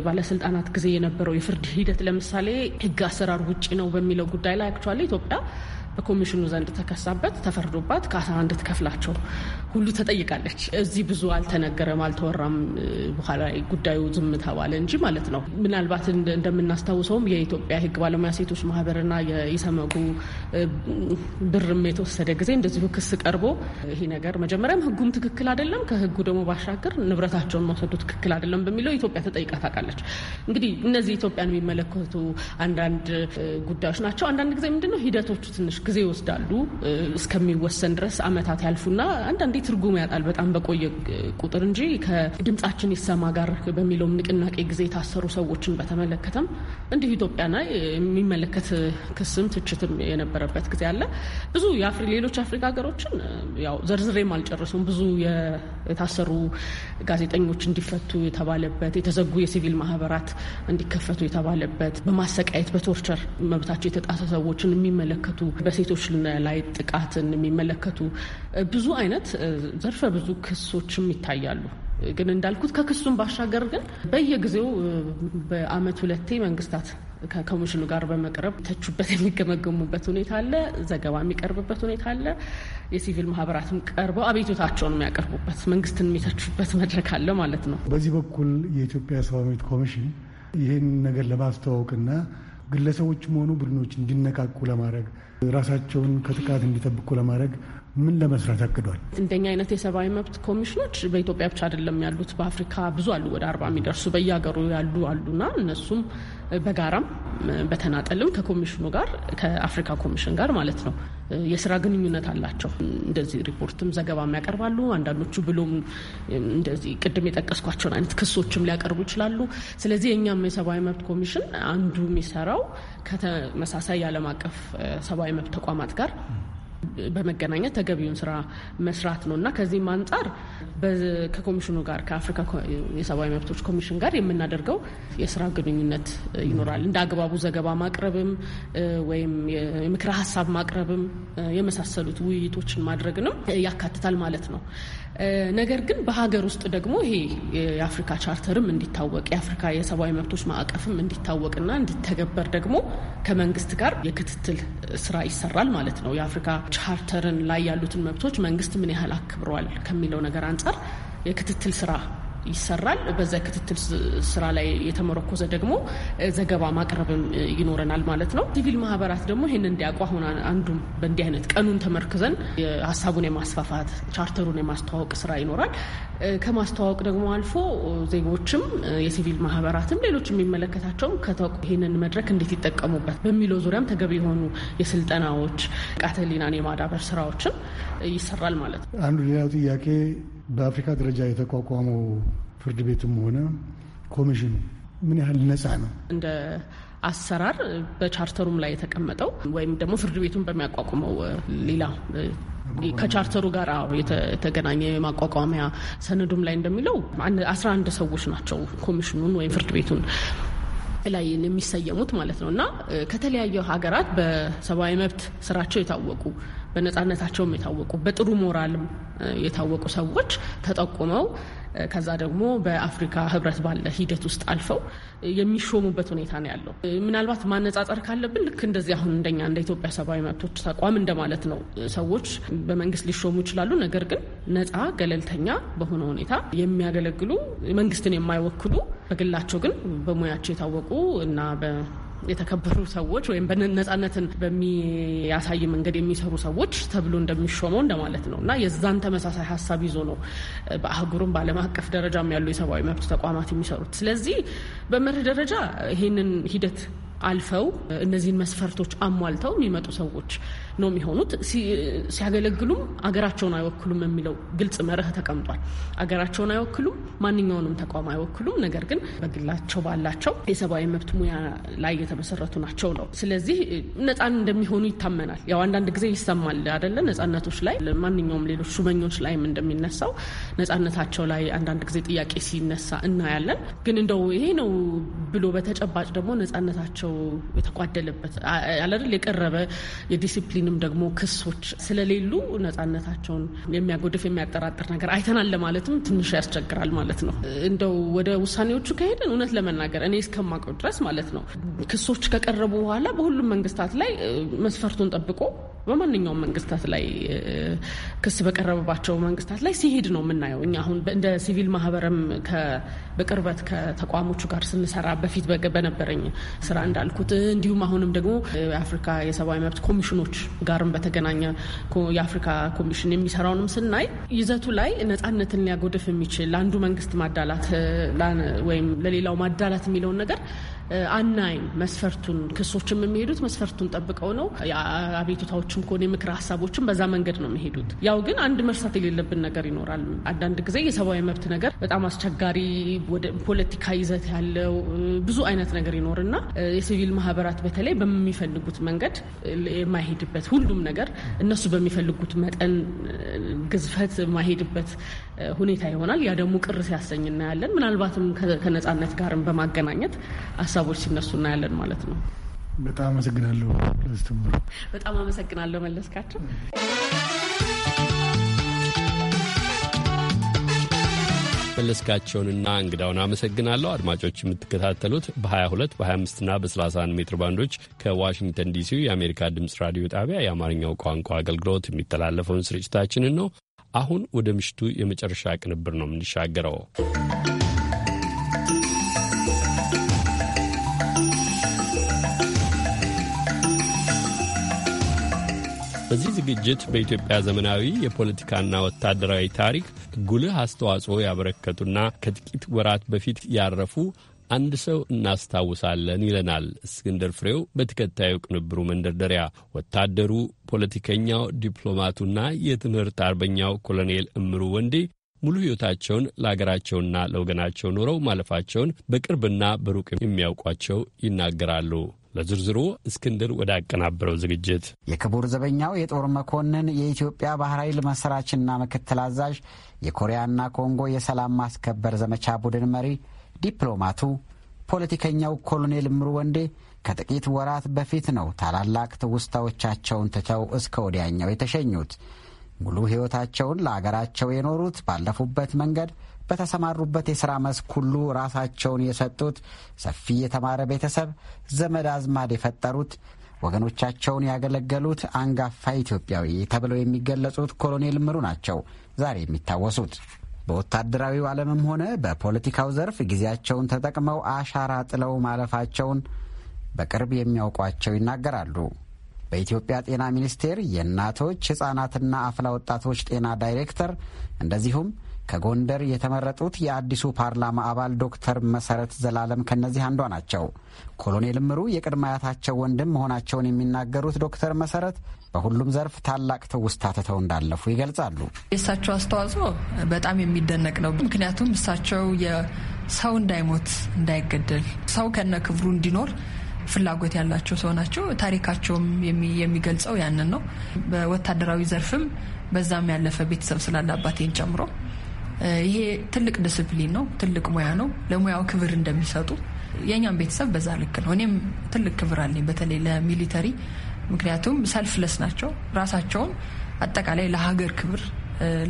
ባለስልጣናት ጊዜ የነበረው የፍርድ ሂደት ለምሳሌ ህግ አሰራር ውጭ ነው በሚለው ጉዳይ ላይ አክቹዋሊ ኢትዮጵያ በኮሚሽኑ ዘንድ ተከሳበት ተፈርዶባት ካሳ እንድትከፍላቸው ሁሉ ተጠይቃለች። እዚህ ብዙ አልተነገረም፣ አልተወራም። በኋላ ጉዳዩ ዝም ተባለ እንጂ ማለት ነው። ምናልባት እንደምናስታውሰውም የኢትዮጵያ ሕግ ባለሙያ ሴቶች ማህበርና የኢሰመጉ ብርም የተወሰደ ጊዜ እንደዚሁ ክስ ቀርቦ ይሄ ነገር መጀመሪያም ሕጉም ትክክል አይደለም፣ ከሕጉ ደግሞ ባሻገር ንብረታቸውን መውሰዱ ትክክል አይደለም በሚለው ኢትዮጵያ ተጠይቃ ታውቃለች። እንግዲህ እነዚህ ኢትዮጵያን የሚመለከቱ አንዳንድ ጉዳዮች ናቸው። አንዳንድ ጊዜ ምንድነው ሂደቶቹ ትንሽ ጊዜ ይወስዳሉ። እስከሚወሰን ድረስ አመታት ያልፉና አንዳንዴ ትርጉም ያጣል በጣም በቆየ ቁጥር እንጂ ከድምጻችን ይሰማ ጋር በሚለውም ንቅናቄ ጊዜ የታሰሩ ሰዎችን በተመለከተም እንዲሁ ኢትዮጵያና የሚመለከት ክስም ትችትም የነበረበት ጊዜ አለ። ብዙ ሌሎች አፍሪካ ሀገሮችን ያው ዘርዝሬም ብዙ የታሰሩ ጋዜጠኞች እንዲፈቱ የተባለበት፣ የተዘጉ የሲቪል ማህበራት እንዲከፈቱ የተባለበት፣ በማሰቃየት በቶርቸር መብታቸው የተጣሰ ሰዎችን የሚመለከቱ በሴቶች ላይ ጥቃትን የሚመለከቱ ብዙ አይነት ዘርፈ ብዙ ክሶችም ይታያሉ። ግን እንዳልኩት ከክሱም ባሻገር ግን በየጊዜው በአመት ሁለቴ መንግስታት ከኮሚሽኑ ጋር በመቅረብ ተቹበት የሚገመገሙበት ሁኔታ አለ። ዘገባ የሚቀርብበት ሁኔታ አለ። የሲቪል ማህበራትም ቀርበው አቤቱታቸውን የሚያቀርቡበት መንግስትን የሚተቹበት መድረክ አለ ማለት ነው። በዚህ በኩል የኢትዮጵያ ሰብአዊ መብት ኮሚሽን ይህን ነገር ለማስተዋወቅና ግለሰቦችም ሆኑ ቡድኖች እንዲነቃቁ ለማድረግ ራሳቸውን ከጥቃት እንዲጠብቁ ለማድረግ ምን ለመስራት አቅዷል? እንደኛ አይነት የሰብአዊ መብት ኮሚሽኖች በኢትዮጵያ ብቻ አይደለም ያሉት፣ በአፍሪካ ብዙ አሉ፣ ወደ አርባ የሚደርሱ በየሀገሩ ያሉ አሉና እነሱም በጋራም በተናጠልም ከኮሚሽኑ ጋር ከአፍሪካ ኮሚሽን ጋር ማለት ነው የስራ ግንኙነት አላቸው። እንደዚህ ሪፖርትም ዘገባም ያቀርባሉ። አንዳንዶቹ ብሎም እንደዚህ ቅድም የጠቀስኳቸውን አይነት ክሶችም ሊያቀርቡ ይችላሉ። ስለዚህ የእኛም የሰብአዊ መብት ኮሚሽን አንዱ የሚሰራው ከተመሳሳይ የዓለም አቀፍ ሰብአዊ መብት ተቋማት ጋር በመገናኘት ተገቢውን ስራ መስራት ነው እና ከዚህም አንጻር ከኮሚሽኑ ጋር ከአፍሪካ የሰብአዊ መብቶች ኮሚሽን ጋር የምናደርገው የስራ ግንኙነት ይኖራል። እንደ አግባቡ ዘገባ ማቅረብም ወይም የምክረ ሀሳብ ማቅረብም የመሳሰሉት ውይይቶችን ማድረግንም ያካትታል ማለት ነው። ነገር ግን በሀገር ውስጥ ደግሞ ይሄ የአፍሪካ ቻርተርም እንዲታወቅ የአፍሪካ የሰብአዊ መብቶች ማዕቀፍም እንዲታወቅና እንዲተገበር ደግሞ ከመንግስት ጋር የክትትል ስራ ይሰራል ማለት ነው። የአፍሪካ ቻርተርን ላይ ያሉትን መብቶች መንግስት ምን ያህል አክብረዋል ከሚለው ነገር አንጻር የክትትል ስራ ይሰራል። በዛ ክትትል ስራ ላይ የተመረኮዘ ደግሞ ዘገባ ማቅረብም ይኖረናል ማለት ነው። ሲቪል ማህበራት ደግሞ ይህን እንዲያውቁ አሁን አንዱም በእንዲህ አይነት ቀኑን ተመርክዘን ሀሳቡን የማስፋፋት ቻርተሩን የማስተዋወቅ ስራ ይኖራል። ከማስተዋወቅ ደግሞ አልፎ ዜጎችም የሲቪል ማህበራትም ሌሎች የሚመለከታቸውም ከተቁ ይህንን መድረክ እንዴት ይጠቀሙበት በሚለው ዙሪያም ተገቢ የሆኑ የስልጠናዎች ቃተሊናን የማዳበር ስራዎችም ይሰራል ማለት ነው። አንዱ ሌላው ጥያቄ በአፍሪካ ደረጃ የተቋቋመው ፍርድ ቤትም ሆነ ኮሚሽኑ ምን ያህል ነፃ ነው? እንደ አሰራር በቻርተሩም ላይ የተቀመጠው ወይም ደግሞ ፍርድ ቤቱን በሚያቋቁመው ሌላ ከቻርተሩ ጋር የተገናኘ የማቋቋሚያ ሰነዱም ላይ እንደሚለው አስራ አንድ ሰዎች ናቸው ኮሚሽኑን ወይም ፍርድ ቤቱን ላይ የሚሰየሙት ማለት ነው እና ከተለያዩ ሀገራት በሰብአዊ መብት ስራቸው የታወቁ በነፃነታቸውም የታወቁ በጥሩ ሞራልም የታወቁ ሰዎች ተጠቁመው ከዛ ደግሞ በአፍሪካ ህብረት ባለ ሂደት ውስጥ አልፈው የሚሾሙበት ሁኔታ ነው ያለው። ምናልባት ማነጻጸር ካለብን ልክ እንደዚህ አሁን እንደኛ እንደ ኢትዮጵያ ሰብአዊ መብቶች ተቋም እንደማለት ነው። ሰዎች በመንግስት ሊሾሙ ይችላሉ። ነገር ግን ነፃ ገለልተኛ በሆነ ሁኔታ የሚያገለግሉ መንግስትን የማይወክሉ በግላቸው ግን በሙያቸው የታወቁ እና የተከበሩ ሰዎች ወይም በነጻነትን በሚያሳይ መንገድ የሚሰሩ ሰዎች ተብሎ እንደሚሾመው እንደማለት ነው እና የዛን ተመሳሳይ ሀሳብ ይዞ ነው በአህጉሩም በዓለም አቀፍ ደረጃም ያሉ የሰብአዊ መብት ተቋማት የሚሰሩት። ስለዚህ በመርህ ደረጃ ይህንን ሂደት አልፈው እነዚህን መስፈርቶች አሟልተው የሚመጡ ሰዎች ነው የሚሆኑት። ሲያገለግሉም አገራቸውን አይወክሉም የሚለው ግልጽ መርህ ተቀምጧል። አገራቸውን አይወክሉም፣ ማንኛውንም ተቋም አይወክሉም። ነገር ግን በግላቸው ባላቸው የሰብአዊ መብት ሙያ ላይ የተመሰረቱ ናቸው ነው። ስለዚህ ነጻን እንደሚሆኑ ይታመናል። ያው አንዳንድ ጊዜ ይሰማል አደለ? ነጻነቶች ላይ ማንኛውም ሌሎች ሹመኞች ላይም እንደሚነሳው ነፃነታቸው ላይ አንዳንድ ጊዜ ጥያቄ ሲነሳ እናያለን። ግን እንደው ይሄ ነው ብሎ በተጨባጭ ደግሞ ነፃነታቸው የተጓደለበት አላደል የቀረበ የዲሲፕሊን ወይንም ደግሞ ክሶች ስለሌሉ ነጻነታቸውን የሚያጎድፍ የሚያጠራጥር ነገር አይተናል ለማለትም ትንሽ ያስቸግራል ማለት ነው። እንደው ወደ ውሳኔዎቹ ከሄደን እውነት ለመናገር እኔ እስከማውቀው ድረስ ማለት ነው ክሶች ከቀረቡ በኋላ በሁሉም መንግስታት ላይ መስፈርቱን ጠብቆ በማንኛውም መንግስታት ላይ ክስ በቀረበባቸው መንግስታት ላይ ሲሄድ ነው የምናየው። እኛ አሁን እንደ ሲቪል ማህበርም በቅርበት ከተቋሞቹ ጋር ስንሰራ በፊት በነበረኝ ስራ እንዳልኩት እንዲሁም አሁንም ደግሞ የአፍሪካ የሰብአዊ መብት ኮሚሽኖች ጋርም በተገናኘ የአፍሪካ ኮሚሽን የሚሰራውንም ስናይ ይዘቱ ላይ ነጻነትን ሊያጎድፍ የሚችል ለአንዱ መንግስት ማዳላት ወይም ለሌላው ማዳላት የሚለውን ነገር አናይም። መስፈርቱን ክሶችም የሚሄዱት መስፈርቱን ጠብቀው ነው። አቤቱታዎችም ከሆነ የምክር ሀሳቦችም በዛ መንገድ ነው የሚሄዱት። ያው ግን አንድ መርሳት የሌለብን ነገር ይኖራል። አንዳንድ ጊዜ የሰብአዊ መብት ነገር በጣም አስቸጋሪ ወደ ፖለቲካ ይዘት ያለው ብዙ አይነት ነገር ይኖርና የሲቪል ማህበራት በተለይ በሚፈልጉት መንገድ የማይሄድበት ሁሉም ነገር እነሱ በሚፈልጉት መጠን ግዝፈት የማይሄድበት ሁኔታ ይሆናል። ያ ደግሞ ቅር ሲያሰኝ እናያለን። ምናልባትም ከነጻነት ጋርም በማገናኘት ሀሳቦች ሲነሱ እናያለን ማለት ነው። በጣም አመሰግናለሁ። በጣም አመሰግናለሁ መለስካቸው። መለስካቸውንና እንግዳውን አመሰግናለሁ። አድማጮች የምትከታተሉት በ22 በ25ና በ31 ሜትር ባንዶች ከዋሽንግተን ዲሲ የአሜሪካ ድምፅ ራዲዮ ጣቢያ የአማርኛው ቋንቋ አገልግሎት የሚተላለፈውን ስርጭታችንን ነው። አሁን ወደ ምሽቱ የመጨረሻ ቅንብር ነው የምንሻገረው። በዚህ ዝግጅት በኢትዮጵያ ዘመናዊ የፖለቲካና ወታደራዊ ታሪክ ጉልህ አስተዋጽኦ ያበረከቱና ከጥቂት ወራት በፊት ያረፉ አንድ ሰው እናስታውሳለን ይለናል እስክንድር ፍሬው በተከታዩ ቅንብሩ መንደርደሪያ። ወታደሩ፣ ፖለቲከኛው፣ ዲፕሎማቱና የትምህርት አርበኛው ኮሎኔል እምሩ ወንዴ ሙሉ ሕይወታቸውን ለአገራቸውና ለወገናቸው ኖረው ማለፋቸውን በቅርብና በሩቅ የሚያውቋቸው ይናገራሉ። ለዝርዝሩ እስክንድር ወደ አቀናበረው ዝግጅት የክቡር ዘበኛው የጦር መኮንን የኢትዮጵያ ባህር ኃይል መስራችና ምክትል አዛዥ፣ የኮሪያና ኮንጎ የሰላም ማስከበር ዘመቻ ቡድን መሪ ዲፕሎማቱ ፖለቲከኛው ኮሎኔል ምሩ ወንዴ ከጥቂት ወራት በፊት ነው ታላላቅ ትውስታዎቻቸውን ትተው እስከ ወዲያኛው የተሸኙት። ሙሉ ሕይወታቸውን ለአገራቸው የኖሩት ባለፉበት መንገድ በተሰማሩበት የሥራ መስክ ሁሉ ራሳቸውን የሰጡት ሰፊ የተማረ ቤተሰብ ዘመድ አዝማድ የፈጠሩት ወገኖቻቸውን ያገለገሉት አንጋፋ ኢትዮጵያዊ ተብለው የሚገለጹት ኮሎኔል ምሩ ናቸው ዛሬ የሚታወሱት። በወታደራዊው ዓለምም ሆነ በፖለቲካው ዘርፍ ጊዜያቸውን ተጠቅመው አሻራ ጥለው ማለፋቸውን በቅርብ የሚያውቋቸው ይናገራሉ። በኢትዮጵያ ጤና ሚኒስቴር የእናቶች ሕፃናትና አፍላ ወጣቶች ጤና ዳይሬክተር እንደዚሁም ከጎንደር የተመረጡት የአዲሱ ፓርላማ አባል ዶክተር መሰረት ዘላለም ከእነዚህ አንዷ ናቸው። ኮሎኔል ምሩ የቅድመ አያታቸው ወንድም መሆናቸውን የሚናገሩት ዶክተር መሰረት በሁሉም ዘርፍ ታላቅ ትውስታ ትተው እንዳለፉ ይገልጻሉ። የእሳቸው አስተዋጽኦ በጣም የሚደነቅ ነው። ምክንያቱም እሳቸው የሰው እንዳይሞት እንዳይገደል፣ ሰው ከነ ክብሩ እንዲኖር ፍላጎት ያላቸው ሰው ናቸው። ታሪካቸውም የሚገልጸው ያንን ነው። በወታደራዊ ዘርፍም በዛም ያለፈ ቤተሰብ ስላለ አባቴን ጨምሮ ይሄ ትልቅ ዲስፕሊን ነው፣ ትልቅ ሙያ ነው። ለሙያው ክብር እንደሚሰጡ የእኛም ቤተሰብ በዛ ልክ ነው። እኔም ትልቅ ክብር አለኝ፣ በተለይ ለሚሊተሪ ምክንያቱም ሰልፍለስ ናቸው። ራሳቸውን አጠቃላይ ለሀገር ክብር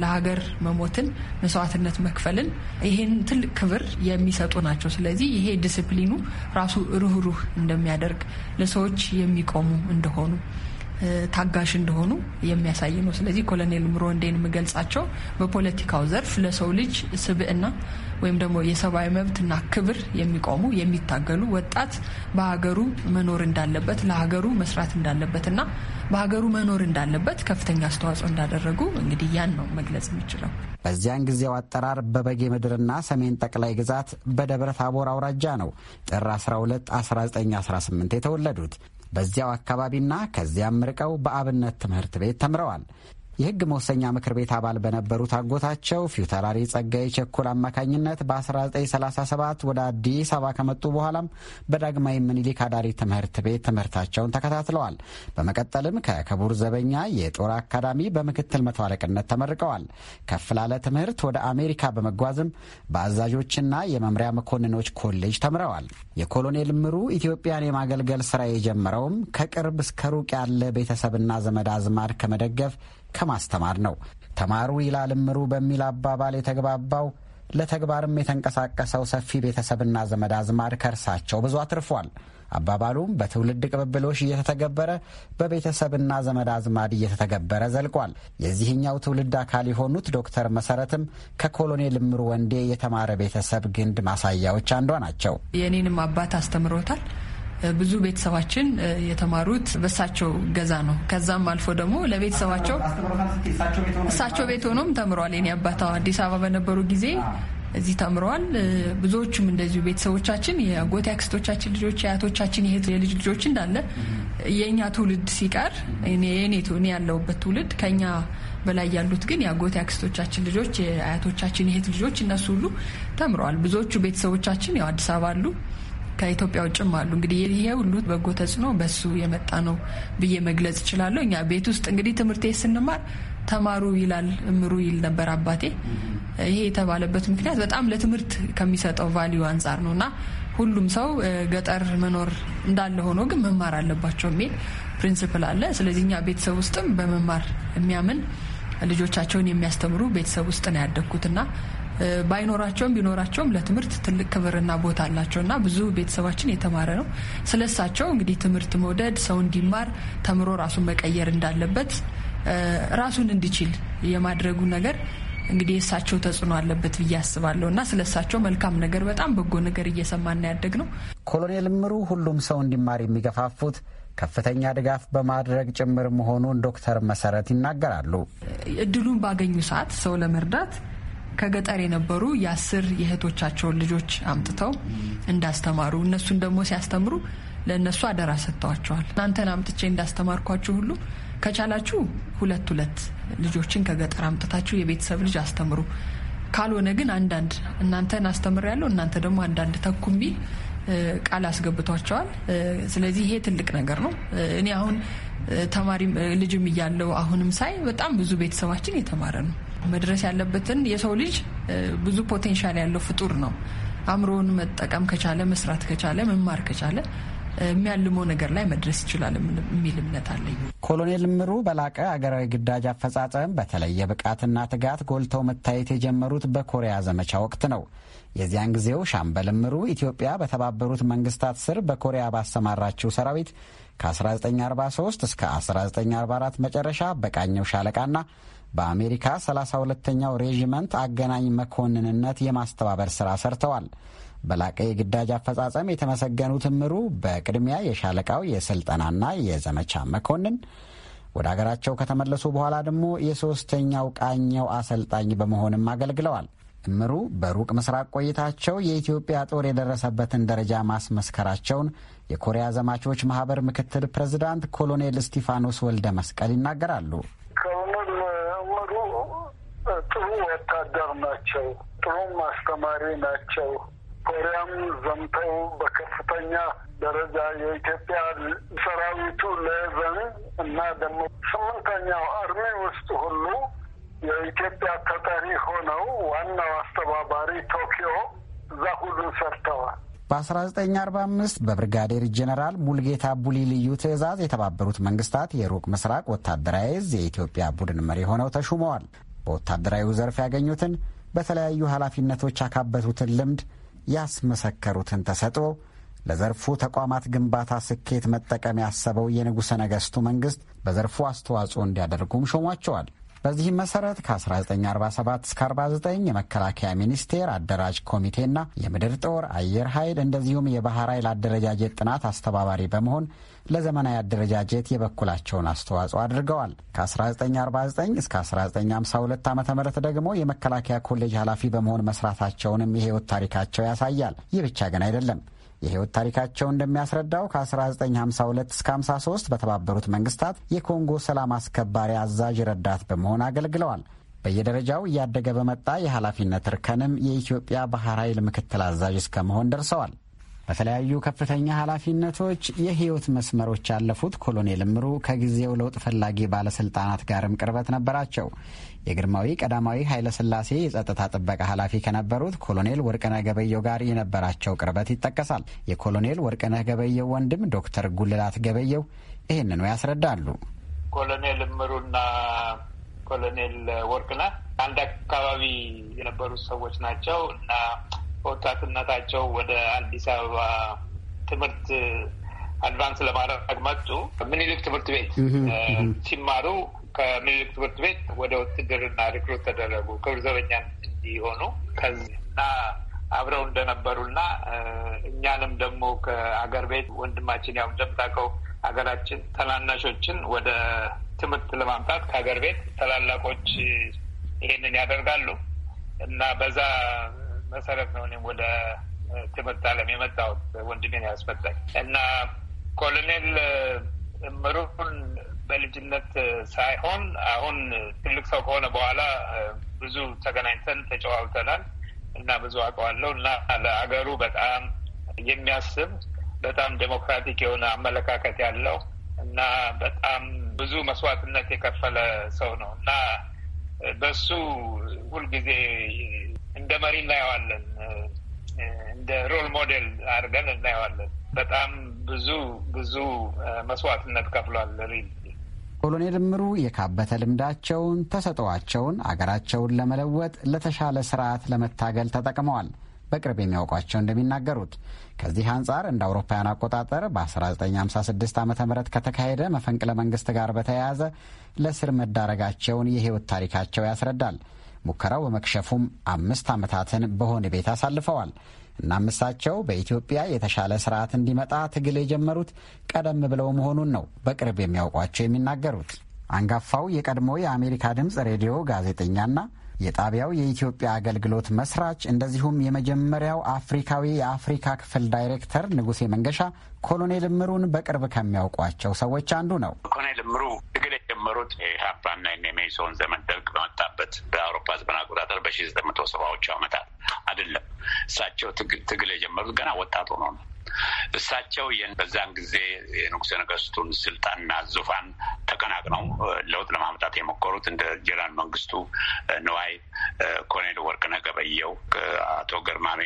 ለሀገር መሞትን መስዋዕትነት መክፈልን ይሄን ትልቅ ክብር የሚሰጡ ናቸው። ስለዚህ ይሄ ዲስፕሊኑ ራሱ ሩህሩህ እንደሚያደርግ ለሰዎች የሚቆሙ እንደሆኑ ታጋሽ እንደሆኑ የሚያሳይ ነው። ስለዚህ ኮሎኔል ምሮንዴን የምገልጻቸው በፖለቲካው ዘርፍ ለሰው ልጅ ስብዕና ወይም ደግሞ የሰብአዊ መብትና ክብር የሚቆሙ የሚታገሉ ወጣት በሀገሩ መኖር እንዳለበት ለሀገሩ መስራት እንዳለበት እና በሀገሩ መኖር እንዳለበት ከፍተኛ አስተዋጽኦ እንዳደረጉ እንግዲህ ያን ነው መግለጽ የሚችለው። በዚያን ጊዜው አጠራር በበጌ ምድርና ሰሜን ጠቅላይ ግዛት በደብረ ታቦር አውራጃ ነው ጥር 12 1918 የተወለዱት። በዚያው አካባቢና ከዚያም ርቀው በአብነት ትምህርት ቤት ተምረዋል። የህግ መወሰኛ ምክር ቤት አባል በነበሩት አጎታቸው ፊታውራሪ ጸጋዬ ቸኮል አማካኝነት በ1937 ወደ አዲስ አበባ ከመጡ በኋላም በዳግማዊ ምኒልክ አዳሪ ትምህርት ቤት ትምህርታቸውን ተከታትለዋል። በመቀጠልም ከክቡር ዘበኛ የጦር አካዳሚ በምክትል መቶ አለቅነት ተመርቀዋል። ከፍ ላለ ትምህርት ወደ አሜሪካ በመጓዝም በአዛዦችና የመምሪያ መኮንኖች ኮሌጅ ተምረዋል። የኮሎኔል ምሩ ኢትዮጵያን የማገልገል ስራ የጀመረውም ከቅርብ እስከ ሩቅ ያለ ቤተሰብና ዘመድ አዝማድ ከመደገፍ ከማስተማር ነው። ተማሩ ይላልምሩ በሚል አባባል የተግባባው ለተግባርም የተንቀሳቀሰው ሰፊ ቤተሰብና ዘመድ አዝማድ ከእርሳቸው ብዙ አትርፏል። አባባሉም በትውልድ ቅብብሎሽ እየተተገበረ በቤተሰብና ዘመድ አዝማድ እየተተገበረ ዘልቋል። የዚህኛው ትውልድ አካል የሆኑት ዶክተር መሰረትም ከኮሎኔል እምሩ ወንዴ የተማረ ቤተሰብ ግንድ ማሳያዎች አንዷ ናቸው። የእኔንም አባት አስተምሮታል። ብዙ ቤተሰባችን የተማሩት በእሳቸው ገዛ ነው። ከዛም አልፎ ደግሞ ለቤተሰባቸው እሳቸው ቤት ሆኖም ተምረዋል። የኔ አባታ አዲስ አበባ በነበሩ ጊዜ እዚህ ተምረዋል። ብዙዎቹም እንደዚሁ ቤተሰቦቻችን የአጎቴ አክስቶቻችን ልጆች፣ የአያቶቻችን የልጅ ልጆች እንዳለ የእኛ ትውልድ ሲቀር የኔ ያለውበት ትውልድ ከኛ በላይ ያሉት ግን የአጎቴ አክስቶቻችን ልጆች፣ የአያቶቻችን የእህት ልጆች እነሱ ሁሉ ተምረዋል። ብዙዎቹ ቤተሰቦቻችን ያው አዲስ አበባ አሉ። ከኢትዮጵያ ውጭም አሉ። እንግዲህ ይሄ ሁሉ በጎ ተጽዕኖ በሱ የመጣ ነው ብዬ መግለጽ እችላለሁ። እኛ ቤት ውስጥ እንግዲህ ትምህርት ስንማር ተማሩ ይላል እምሩ ይል ነበር አባቴ። ይሄ የተባለበት ምክንያት በጣም ለትምህርት ከሚሰጠው ቫሊዩ አንጻር ነው እና ሁሉም ሰው ገጠር መኖር እንዳለ ሆኖ ግን መማር አለባቸው የሚል ፕሪንስፕል አለ። ስለዚህ እኛ ቤተሰብ ውስጥም በመማር የሚያምን ልጆቻቸውን የሚያስተምሩ ቤተሰብ ውስጥ ነው ያደግኩትና ባይኖራቸውም ቢኖራቸውም ለትምህርት ትልቅ ክብርና ቦታ አላቸው እና ብዙ ቤተሰባችን የተማረ ነው። ስለሳቸው እንግዲህ ትምህርት መውደድ ሰው እንዲማር ተምሮ ራሱን መቀየር እንዳለበት ራሱን እንዲችል የማድረጉ ነገር እንግዲህ የእሳቸው ተጽዕኖ አለበት ብዬ አስባለሁ እና ስለ እሳቸው መልካም ነገር በጣም በጎ ነገር እየሰማና ያደግ ነው። ኮሎኔል ምሩ ሁሉም ሰው እንዲማር የሚገፋፉት ከፍተኛ ድጋፍ በማድረግ ጭምር መሆኑን ዶክተር መሰረት ይናገራሉ። እድሉን ባገኙ ሰዓት ሰው ለመርዳት ከገጠር የነበሩ የአስር የእህቶቻቸውን ልጆች አምጥተው እንዳስተማሩ እነሱን ደግሞ ሲያስተምሩ ለእነሱ አደራ ሰጥተዋቸዋል። እናንተን አምጥቼ እንዳስተማርኳችሁ ሁሉ ከቻላችሁ ሁለት ሁለት ልጆችን ከገጠር አምጥታችሁ የቤተሰብ ልጅ አስተምሩ፣ ካልሆነ ግን አንዳንድ እናንተን አስተምር ያለው እናንተ ደግሞ አንዳንድ ተኩም ቃል አስገብቷቸዋል። ስለዚህ ይሄ ትልቅ ነገር ነው። እኔ አሁን ተማሪ ልጅም እያለው አሁንም ሳይ በጣም ብዙ ቤተሰባችን የተማረ ነው። መድረስ ያለበትን የሰው ልጅ ብዙ ፖቴንሻል ያለው ፍጡር ነው። አእምሮውን መጠቀም ከቻለ፣ መስራት ከቻለ፣ መማር ከቻለ የሚያልመው ነገር ላይ መድረስ ይችላል የሚል እምነት አለኝ። ኮሎኔል ምሩ በላቀ አገራዊ ግዳጅ አፈጻጸም በተለየ ብቃትና ትጋት ጎልተው መታየት የጀመሩት በኮሪያ ዘመቻ ወቅት ነው። የዚያን ጊዜው ሻምበል ምሩ ኢትዮጵያ በተባበሩት መንግስታት ስር በኮሪያ ባሰማራችው ሰራዊት ከ1943 እስከ 1944 መጨረሻ በቃኘው ሻለቃና በአሜሪካ 32ኛው ሬዥመንት አገናኝ መኮንንነት የማስተባበር ሥራ ሰርተዋል። በላቀ የግዳጅ አፈጻጸም የተመሰገኑት እምሩ በቅድሚያ የሻለቃው የሥልጠናና የዘመቻ መኮንን ወደ አገራቸው ከተመለሱ በኋላ ደግሞ የሦስተኛው ቃኘው አሰልጣኝ በመሆንም አገልግለዋል። እምሩ በሩቅ ምስራቅ ቆይታቸው የኢትዮጵያ ጦር የደረሰበትን ደረጃ ማስመስከራቸውን የኮሪያ ዘማቾች ማህበር ምክትል ፕሬዝዳንት ኮሎኔል ስቲፋኖስ ወልደ መስቀል ይናገራሉ። ጥሩ ወታደር ናቸው፣ ጥሩም አስተማሪ ናቸው። ኮሪያም ዘምተው በከፍተኛ ደረጃ የኢትዮጵያ ሰራዊቱ ለዘን እና ደግሞ ስምንተኛው አርሜ ውስጥ ሁሉ የኢትዮጵያ ተጠሪ ሆነው ዋናው አስተባባሪ ቶኪዮ እዛ ሁሉ ሰርተዋል። በ1945 በብርጋዴር ጀኔራል ሙልጌታ ቡሊ ልዩ ትዕዛዝ የተባበሩት መንግስታት የሩቅ ምስራቅ ወታደራዊ ዕዝ የኢትዮጵያ ቡድን መሪ ሆነው ተሹመዋል። በወታደራዊ ዘርፍ ያገኙትን በተለያዩ ኃላፊነቶች ያካበቱትን ልምድ ያስመሰከሩትን ተሰጥኦ ለዘርፉ ተቋማት ግንባታ ስኬት መጠቀም ያሰበው የንጉሠ ነገሥቱ መንግሥት በዘርፉ አስተዋጽኦ እንዲያደርጉም ሾሟቸዋል። በዚህም መሰረት ከ1947 እስከ 49 የመከላከያ ሚኒስቴር አደራጅ ኮሚቴና የምድር ጦር አየር ኃይል እንደዚሁም የባህር ኃይል አደረጃጀት ጥናት አስተባባሪ በመሆን ለዘመናዊ አደረጃጀት የበኩላቸውን አስተዋጽኦ አድርገዋል። ከ1949 እስከ 1952 ዓ ም ደግሞ የመከላከያ ኮሌጅ ኃላፊ በመሆን መስራታቸውንም የህይወት ታሪካቸው ያሳያል። ይህ ብቻ ግን አይደለም። የህይወት ታሪካቸው እንደሚያስረዳው ከ1952 እስከ 53 በተባበሩት መንግስታት የኮንጎ ሰላም አስከባሪ አዛዥ ረዳት በመሆን አገልግለዋል። በየደረጃው እያደገ በመጣ የኃላፊነት እርከንም የኢትዮጵያ ባህር ኃይል ምክትል አዛዥ እስከ መሆን ደርሰዋል። በተለያዩ ከፍተኛ ኃላፊነቶች የህይወት መስመሮች ያለፉት ኮሎኔል እምሩ ከጊዜው ለውጥ ፈላጊ ባለስልጣናት ጋርም ቅርበት ነበራቸው። የግርማዊ ቀዳማዊ ኃይለስላሴ የጸጥታ ጥበቃ ኃላፊ ከነበሩት ኮሎኔል ወርቅነህ ገበየው ጋር የነበራቸው ቅርበት ይጠቀሳል። የኮሎኔል ወርቅነህ ገበየው ወንድም ዶክተር ጉልላት ገበየው ይህንኑ ያስረዳሉ። ኮሎኔል እምሩና ኮሎኔል ወርቅነህ አንድ አካባቢ የነበሩት ሰዎች ናቸው እና በወጣትነታቸው ወደ አዲስ አበባ ትምህርት አድቫንስ ለማድረግ መጡ። ምኒልክ ትምህርት ቤት ሲማሩ ከምኒልክ ትምህርት ቤት ወደ ውትድርና ሪክሩት ተደረጉ። ክብር ዘበኛ እንዲሆኑ ከዚህና አብረው እንደነበሩና እኛንም ደግሞ ከአገር ቤት ወንድማችን ያው እንደምታውቀው ሀገራችን ተናናሾችን ወደ ትምህርት ለማምጣት ከሀገር ቤት ታላላቆች ይሄንን ያደርጋሉ እና በዛ መሰረት ነው እኔም ወደ ትምህርት ዓለም የመጣሁት ወንድሜን ያስመጣኝ እና ኮሎኔል እምሩን በልጅነት ሳይሆን አሁን ትልቅ ሰው ከሆነ በኋላ ብዙ ተገናኝተን ተጨዋውተናል እና ብዙ አውቀዋለሁ እና ለአገሩ በጣም የሚያስብ በጣም ዴሞክራቲክ የሆነ አመለካከት ያለው እና በጣም ብዙ መስዋዕትነት የከፈለ ሰው ነው እና በሱ ሁልጊዜ እንደ መሪ እናየዋለን፣ እንደ ሮል ሞዴል አድርገን እናየዋለን። በጣም ብዙ ብዙ መስዋዕትነት ከፍሏል። ሪል ኮሎኔል ምሩ የካበተ ልምዳቸውን ተሰጥኦአቸውን አገራቸውን ለመለወጥ ለተሻለ ስርዓት ለመታገል ተጠቅመዋል። በቅርብ የሚያውቋቸው እንደሚናገሩት ከዚህ አንጻር እንደ አውሮፓውያን አቆጣጠር በ1956 ዓ ም ከተካሄደ መፈንቅለ መንግስት ጋር በተያያዘ ለስር መዳረጋቸውን የህይወት ታሪካቸው ያስረዳል። ሙከራው በመክሸፉም አምስት ዓመታትን በሆነ ቤት አሳልፈዋል። እናም እሳቸው በኢትዮጵያ የተሻለ ስርዓት እንዲመጣ ትግል የጀመሩት ቀደም ብለው መሆኑን ነው በቅርብ የሚያውቋቸው የሚናገሩት። አንጋፋው የቀድሞ የአሜሪካ ድምፅ ሬዲዮ ጋዜጠኛና የጣቢያው የኢትዮጵያ አገልግሎት መስራች እንደዚሁም የመጀመሪያው አፍሪካዊ የአፍሪካ ክፍል ዳይሬክተር ንጉሴ መንገሻ ኮሎኔል ምሩን በቅርብ ከሚያውቋቸው ሰዎች አንዱ ነው። ኮሎኔል ምሩ ትግል የጀመሩት የኢህአፓና የሜሶን ዘመን ደርግ በመጣበት በአውሮፓ ዘመን አቆጣጠር በሺ ዘጠኝ መቶ ሰባዎቹ ዓመታት አይደለም። እሳቸው ትግል የጀመሩት ገና ወጣት ሆኖ ነው። እሳቸው ይህን በዛን ጊዜ የንጉሰ ነገስቱን ስልጣንና ዙፋን ተቀናቅነው ለውጥ ለማምጣት የሞከሩት እንደ ጀነራል መንግስቱ ንዋይ፣ ኮሎኔል ወርቅነህ ገበየው፣ አቶ ገርማሜ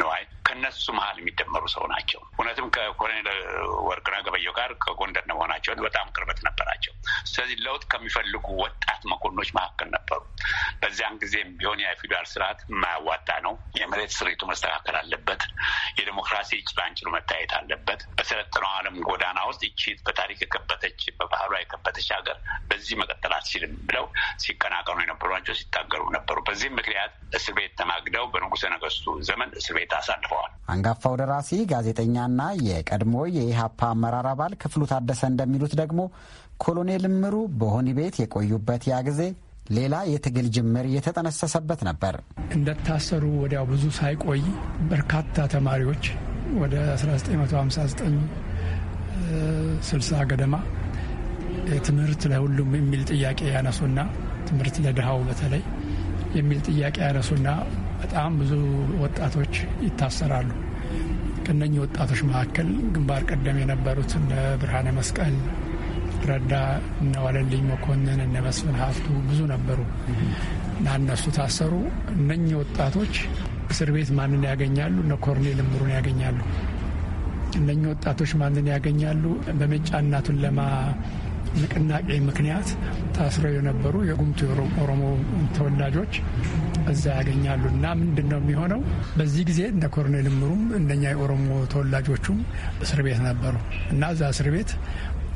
ንዋይ ከነሱ መሀል የሚደመሩ ሰው ናቸው። እውነትም ከኮሎኔል ወርቅነህ ገበየው ጋር ከጎንደር መሆናቸውን በጣም ቅርበት ነበራቸው። ስለዚህ ለውጥ ከሚፈልጉ ወጣት መኮንኖች መካከል ነበሩ። በዚያን ጊዜም ቢሆን የፊውዳል ስርዓት የማያዋጣ ነው፣ የመሬት ስሪቱ መስተካከል አለበት፣ የዴሞክራሲ ጭላ ሳንችሉ መታየት አለበት። በሰለጠነው ዓለም ጎዳና ውስጥ ይቺ በታሪክ የከበተች በባህሏ የከበተች ሀገር በዚህ መቀጠል አትችልም ብለው ሲቀናቀኑ ናቸው፣ ሲታገሉ ነበሩ። በዚህም ምክንያት እስር ቤት ተማግደው በንጉሰ ነገስቱ ዘመን እስር ቤት አሳልፈዋል። አንጋፋው ደራሲ ጋዜጠኛና የቀድሞ የኢህአፓ አመራር አባል ክፍሉ ታደሰ እንደሚሉት ደግሞ ኮሎኔል ምሩ በሆኒ ቤት የቆዩበት ያ ጊዜ ሌላ የትግል ጅምር የተጠነሰሰበት ነበር። እንደታሰሩ ወዲያው ብዙ ሳይቆይ በርካታ ተማሪዎች ወደ 1959 60 ገደማ ትምህርት ለሁሉም የሚል ጥያቄ ያነሱና ትምህርት ለድሃው በተለይ የሚል ጥያቄ ያነሱና በጣም ብዙ ወጣቶች ይታሰራሉ። ከነኚህ ወጣቶች መካከል ግንባር ቀደም የነበሩት እነ ብርሃነ መስቀል ረዳ፣ እነ ዋለልኝ መኮንን፣ እነ መስፍን ሀብቱ ብዙ ነበሩ እና እነሱ ታሰሩ። እነኚህ ወጣቶች እስር ቤት ማንን ያገኛሉ? እነ ኮርኔል እምሩን ያገኛሉ። እነኚህ ወጣቶች ማንን ያገኛሉ? በመጫና ቱለማ ንቅናቄ ምክንያት ታስረው የነበሩ የጉምቱ ኦሮሞ ተወላጆች እዛ ያገኛሉ እና ምንድን ነው የሚሆነው? በዚህ ጊዜ እነ ኮርኔል እምሩም እነኛ የኦሮሞ ተወላጆቹም እስር ቤት ነበሩ እና እዛ እስር ቤት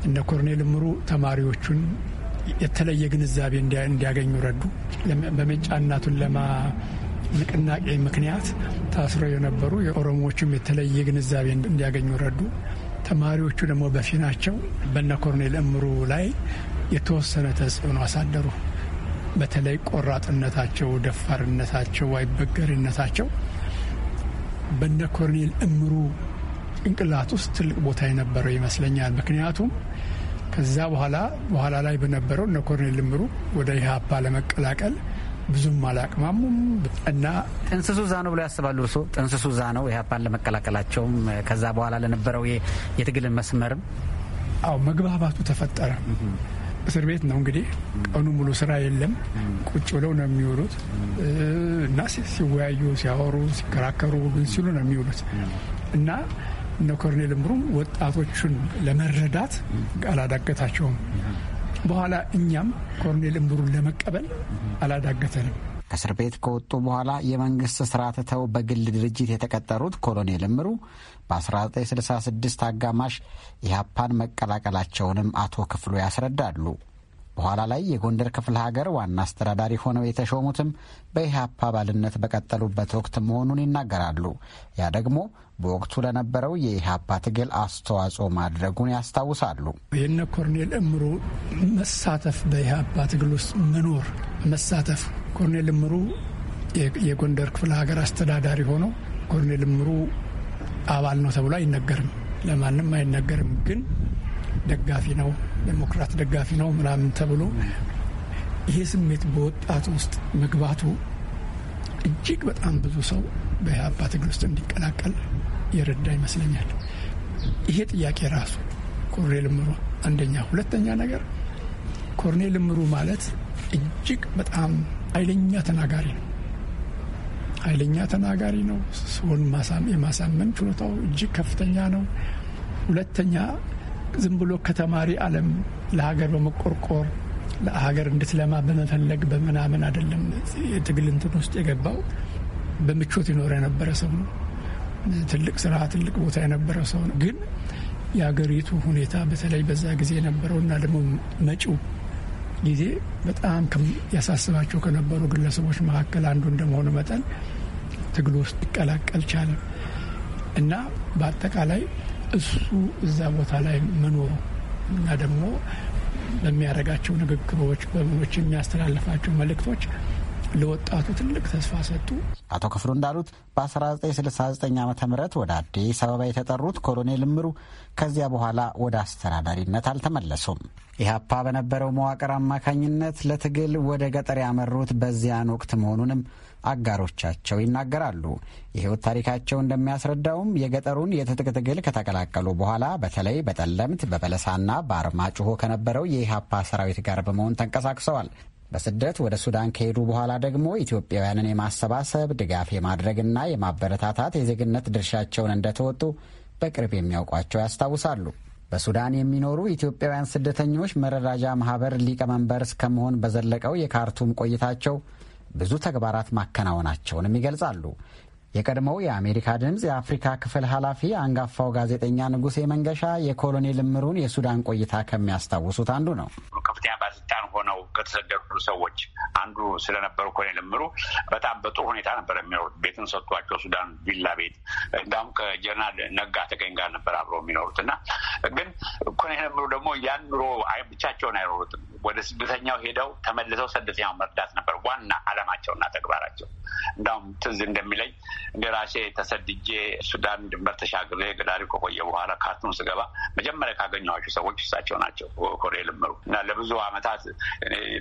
እነ ኮርኔል እምሩ ተማሪዎቹን የተለየ ግንዛቤ እንዲያገኙ ረዱ። በመጫና ቱለማ ንቅናቄ ምክንያት ታስሮ የነበሩ የኦሮሞዎቹም የተለየ ግንዛቤ እንዲያገኙ ረዱ። ተማሪዎቹ ደግሞ በፊናቸው በነ ኮርኔል እምሩ ላይ የተወሰነ ተጽዕኖ አሳደሩ። በተለይ ቆራጥነታቸው፣ ደፋርነታቸው፣ አይበገሪነታቸው በነ ኮርኔል እምሩ ጭንቅላት ውስጥ ትልቅ ቦታ የነበረው ይመስለኛል። ምክንያቱም ከዛ በኋላ በኋላ ላይ በነበረው እነ ኮርኔል እምሩ ወደ ኢህአፓ ለመቀላቀል ብዙም አላቅማሙም እና ጥንስሱ እዛ ነው ብለው ያስባሉ። እርስዎ ጥንስሱ እዛ ነው ኢህአፓን ለመቀላቀላቸውም ከዛ በኋላ ለነበረው የትግልን መስመርም አዎ መግባባቱ ተፈጠረ። እስር ቤት ነው እንግዲህ ቀኑ ሙሉ ስራ የለም። ቁጭ ብለው ነው የሚውሉት እና ሲወያዩ፣ ሲያወሩ፣ ሲከራከሩ ግን ሲሉ ነው የሚውሉት እና እነ ኮርኔል ምሩም ወጣቶቹን ለመረዳት አላዳገታቸውም። በኋላ እኛም ኮሎኔል እምሩን ለመቀበል አላዳገተንም። ከእስር ቤት ከወጡ በኋላ የመንግስት ስራ ትተው በግል ድርጅት የተቀጠሩት ኮሎኔል እምሩ በ1966 አጋማሽ ኢህአፓን መቀላቀላቸውንም አቶ ክፍሉ ያስረዳሉ። በኋላ ላይ የጎንደር ክፍለ ሀገር ዋና አስተዳዳሪ ሆነው የተሾሙትም በኢህአፓ አባልነት በቀጠሉበት ወቅት መሆኑን ይናገራሉ። ያ ደግሞ በወቅቱ ለነበረው የኢህአፓ ትግል አስተዋጽኦ ማድረጉን ያስታውሳሉ። የነ ኮርኔል እምሩ መሳተፍ በኢህአፓ ትግል ውስጥ መኖር መሳተፍ ኮርኔል እምሩ የጎንደር ክፍለ ሀገር አስተዳዳሪ ሆኖ ኮርኔል እምሩ አባል ነው ተብሎ አይነገርም፣ ለማንም አይነገርም። ግን ደጋፊ ነው ዴሞክራት ደጋፊ ነው ምናምን ተብሎ ይሄ ስሜት በወጣት ውስጥ መግባቱ እጅግ በጣም ብዙ ሰው በኢህአፓ ትግል ውስጥ እንዲቀላቀል የረዳ ይመስለኛል። ይሄ ጥያቄ ራሱ ኮርኔ ልምሩ አንደኛ። ሁለተኛ ነገር ኮርኔ ልምሩ ማለት እጅግ በጣም ኃይለኛ ተናጋሪ ነው። ኃይለኛ ተናጋሪ ነው። ሰውን የማሳመን ችሎታው እጅግ ከፍተኛ ነው። ሁለተኛ ዝም ብሎ ከተማሪ ዓለም ለሀገር በመቆርቆር ለሀገር እንድትለማ በመፈለግ በምናምን አይደለም የትግል እንትን ውስጥ የገባው። በምቾት ይኖር የነበረ ሰው ነው። ትልቅ ስራ፣ ትልቅ ቦታ የነበረ ሰው ነው። ግን የሀገሪቱ ሁኔታ በተለይ በዛ ጊዜ የነበረው እና ደግሞ መጪው ጊዜ በጣም ያሳስባቸው ከነበሩ ግለሰቦች መካከል አንዱ እንደመሆኑ መጠን ትግል ውስጥ ይቀላቀል ቻለ እና በአጠቃላይ እሱ እዛ ቦታ ላይ መኖሩ እና ደግሞ በሚያደርጋቸው ንግግሮች በምኖች የሚያስተላልፋቸው መልእክቶች ለወጣቱ ትልቅ ተስፋ ሰጡ። አቶ ክፍሉ እንዳሉት በ1969 ዓ ም ወደ አዲስ አበባ የተጠሩት ኮሎኔል እምሩ ከዚያ በኋላ ወደ አስተዳዳሪነት አልተመለሱም። ኢህአፓ በነበረው መዋቅር አማካኝነት ለትግል ወደ ገጠር ያመሩት በዚያን ወቅት መሆኑንም አጋሮቻቸው ይናገራሉ። የህይወት ታሪካቸው እንደሚያስረዳውም የገጠሩን የትጥቅ ትግል ከተቀላቀሉ በኋላ በተለይ በጠለምት በበለሳና በአርማጭሆ ከነበረው የኢህአፓ ሰራዊት ጋር በመሆን ተንቀሳቅሰዋል። በስደት ወደ ሱዳን ከሄዱ በኋላ ደግሞ ኢትዮጵያውያንን የማሰባሰብ ድጋፍ የማድረግና የማበረታታት የዜግነት ድርሻቸውን እንደተወጡ በቅርብ የሚያውቋቸው ያስታውሳሉ። በሱዳን የሚኖሩ ኢትዮጵያውያን ስደተኞች መረዳጃ ማህበር ሊቀመንበር እስከመሆን በዘለቀው የካርቱም ቆይታቸው ብዙ ተግባራት ማከናወናቸውንም ይገልጻሉ። የቀድሞው የአሜሪካ ድምፅ የአፍሪካ ክፍል ኃላፊ አንጋፋው ጋዜጠኛ ንጉሴ መንገሻ የኮሎኔል ምሩን የሱዳን ቆይታ ከሚያስታውሱት አንዱ ነው። ከፍተኛ ባለስልጣን ሆነው ከተሰደዱ ሰዎች አንዱ ስለነበሩ ኮሎኔል ምሩ በጣም በጥሩ ሁኔታ ነበር የሚኖሩት። ቤትን ሰጥቷቸው ሱዳን ቪላ ቤት፣ እንዳሁም ከጀነራል ነጋ ተገኝ ጋር ነበር አብሮ የሚኖሩት እና ግን ኮሎኔል ምሩ ደግሞ ያን ኑሮ ብቻቸውን አይኖሩትም። ወደ ስደተኛው ሄደው ተመልሰው ስደተኛው መርዳት ነበር ዋና አላማቸውና ተግባራቸው። እንዳሁም ትዝ እንደሚለኝ እንደ ተሰድጄ ሱዳን ድንበር ተሻግሬ ገዳሪ ከቆየ በኋላ ካርቱም ስገባ መጀመሪያ ካገኘኋቸው ሰዎች እሳቸው ናቸው። ኮሬ ልምሩ እና ለብዙ አመታት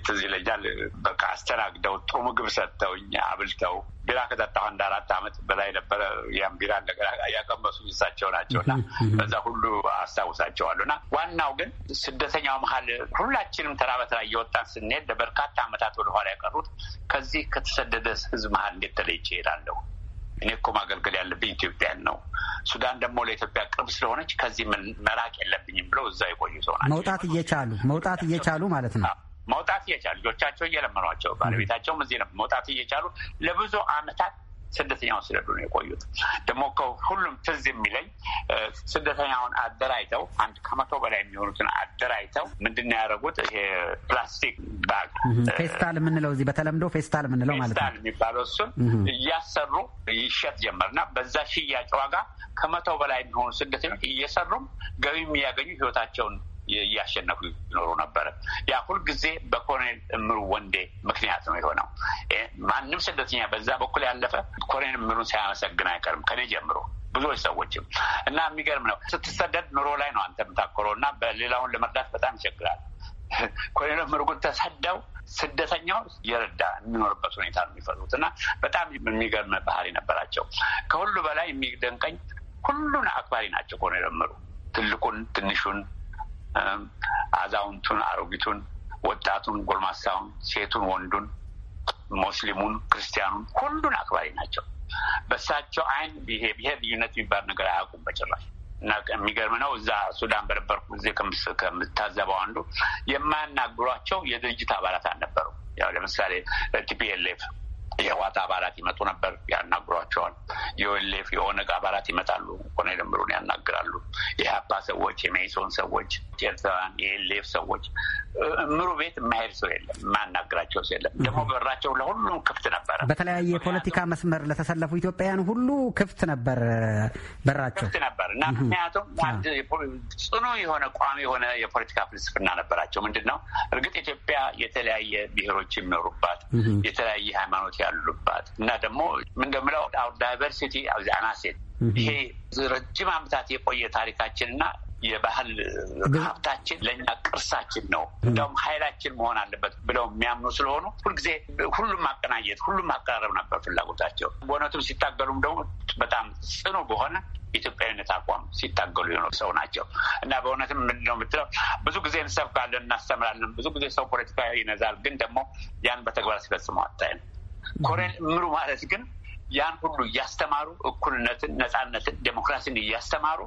ትዝ ይለኛል። በቃ አስተናግደው ጥሩ ምግብ ሰጥተውኝ አብልተው ቢራ ከጠጣሁ አንድ አራት አመት በላይ ነበረ። ያም ቢራ እንደገና ያቀመሱ እሳቸው ናቸው እና በዛ ሁሉ አስታውሳቸዋለሁ። እና ዋናው ግን ስደተኛው መሀል ሁላችንም ተራ በተራ እየወጣን ስንሄድ ለበርካታ አመታት ወደኋላ ያቀሩት ከዚህ ከተሰደደ ህዝብ መሀል እንዴት ተለይቼ እሄዳለሁ እኔ እኮ ማገልገል ያለብኝ ኢትዮጵያን ነው። ሱዳን ደግሞ ለኢትዮጵያ ቅርብ ስለሆነች ከዚህ መራቅ የለብኝም ብለው እዛ የቆዩ ሰው ናቸው። መውጣት እየቻሉ መውጣት እየቻሉ ማለት ነው መውጣት እየቻሉ ልጆቻቸው እየለመኗቸው ባለቤታቸውም እዚህ መውጣት እየቻሉ ለብዙ አመታት። ስደተኛውን ሲረዱ ነው የቆዩት። ደግሞ ከሁሉም ትዝ የሚለኝ ስደተኛውን አደራጅተው አንድ ከመቶ በላይ የሚሆኑትን አደራጅተው ምንድን ነው ያደረጉት? ይሄ ፕላስቲክ ባግ ፌስታል የምንለው እዚህ በተለምዶ ፌስታል የምንለው ማለት ነው የሚባለው እሱን እያሰሩ ይሸጥ ጀመር እና በዛ ሽያጭ ዋጋ ከመቶ በላይ የሚሆኑ ስደተኞች እየሰሩም ገቢ የሚያገኙ ህይወታቸውን እያሸነፉ ይኖሩ ነበረ። ያ ሁልጊዜ በኮሎኔል እምሩ ወንዴ ምክንያት ነው የሆነው። ማንም ስደተኛ በዛ በኩል ያለፈ ኮሎኔል እምሩን ሳያመሰግን አይቀርም ከኔ ጀምሮ ብዙዎች ሰዎችም እና የሚገርም ነው። ስትሰደድ ኑሮ ላይ ነው አንተ የምታኮረው እና በሌላውን ለመርዳት በጣም ይቸግራል። ኮሎኔል እምሩ ግን ተሰደው ስደተኛው የረዳ የሚኖርበት ሁኔታ ነው የሚፈጥሩት እና በጣም የሚገርም ባህሪ ነበራቸው። ከሁሉ በላይ የሚደንቀኝ ሁሉን አክባሪ ናቸው ኮሎኔል እምሩ ትልቁን ትንሹን አዛውንቱን፣ አሮጊቱን፣ ወጣቱን፣ ጎልማሳውን፣ ሴቱን፣ ወንዱን፣ ሙስሊሙን፣ ክርስቲያኑን ሁሉን አክባሪ ናቸው። በሳቸው አይን ብሄር ልዩነት የሚባል ነገር አያውቁም በጭራሽ። እና የሚገርም ነው። እዛ ሱዳን በነበርኩ ጊዜ ከምታዘበው አንዱ የማያናግሯቸው የድርጅት አባላት አልነበሩ። ያው ለምሳሌ ቲፒኤልኤፍ የህዋት አባላት ይመጡ ነበር፣ ያናግሯቸዋል። የወሌፍ የኦነግ አባላት ይመጣሉ፣ ሆነ እምሩን ያናግራሉ። የሀፓ ሰዎች፣ የሜሶን ሰዎች፣ ኤርትራውያን፣ የሌፍ ሰዎች እምሩ ቤት የማሄድ ሰው የለም፣ የማያናግራቸው ሰው የለም። ደግሞ በራቸው ለሁሉም ክፍት ነበረ። በተለያየ የፖለቲካ መስመር ለተሰለፉ ኢትዮጵያውያን ሁሉ ክፍት ነበር፣ በራቸው ክፍት ነበር እና ምክንያቱም ጽኑ የሆነ ቋሚ የሆነ የፖለቲካ ፍልስፍና ነበራቸው። ምንድን ነው እርግጥ ኢትዮጵያ የተለያየ ብሔሮች የሚኖሩባት የተለያየ ሃይማኖት ያሉባት እና ደግሞ እንደምለው ዳይቨርሲቲ አብዛና ሴት ይሄ ረጅም ዓመታት የቆየ ታሪካችንና የባህል ሀብታችን ለእኛ ቅርሳችን ነው፣ እንደውም ኃይላችን መሆን አለበት ብለው የሚያምኑ ስለሆኑ ሁልጊዜ ሁሉም ማቀናጀት፣ ሁሉም ማቀራረብ ነበር ፍላጎታቸው። በእውነቱም ሲታገሉም ደግሞ በጣም ጽኑ በሆነ ኢትዮጵያዊነት አቋም ሲታገሉ የሆኑ ሰው ናቸው እና በእውነትም ምንድን ነው የምትለው ብዙ ጊዜ እንሰብካለን፣ እናስተምራለን፣ ብዙ ጊዜ ሰው ፖለቲካ ይነዛል፣ ግን ደግሞ ያን በተግባር ሲፈጽመው አታይም። ኮሎኔል ምሩ ማለት ግን ያን ሁሉ እያስተማሩ እኩልነትን፣ ነፃነትን፣ ዴሞክራሲን እያስተማሩ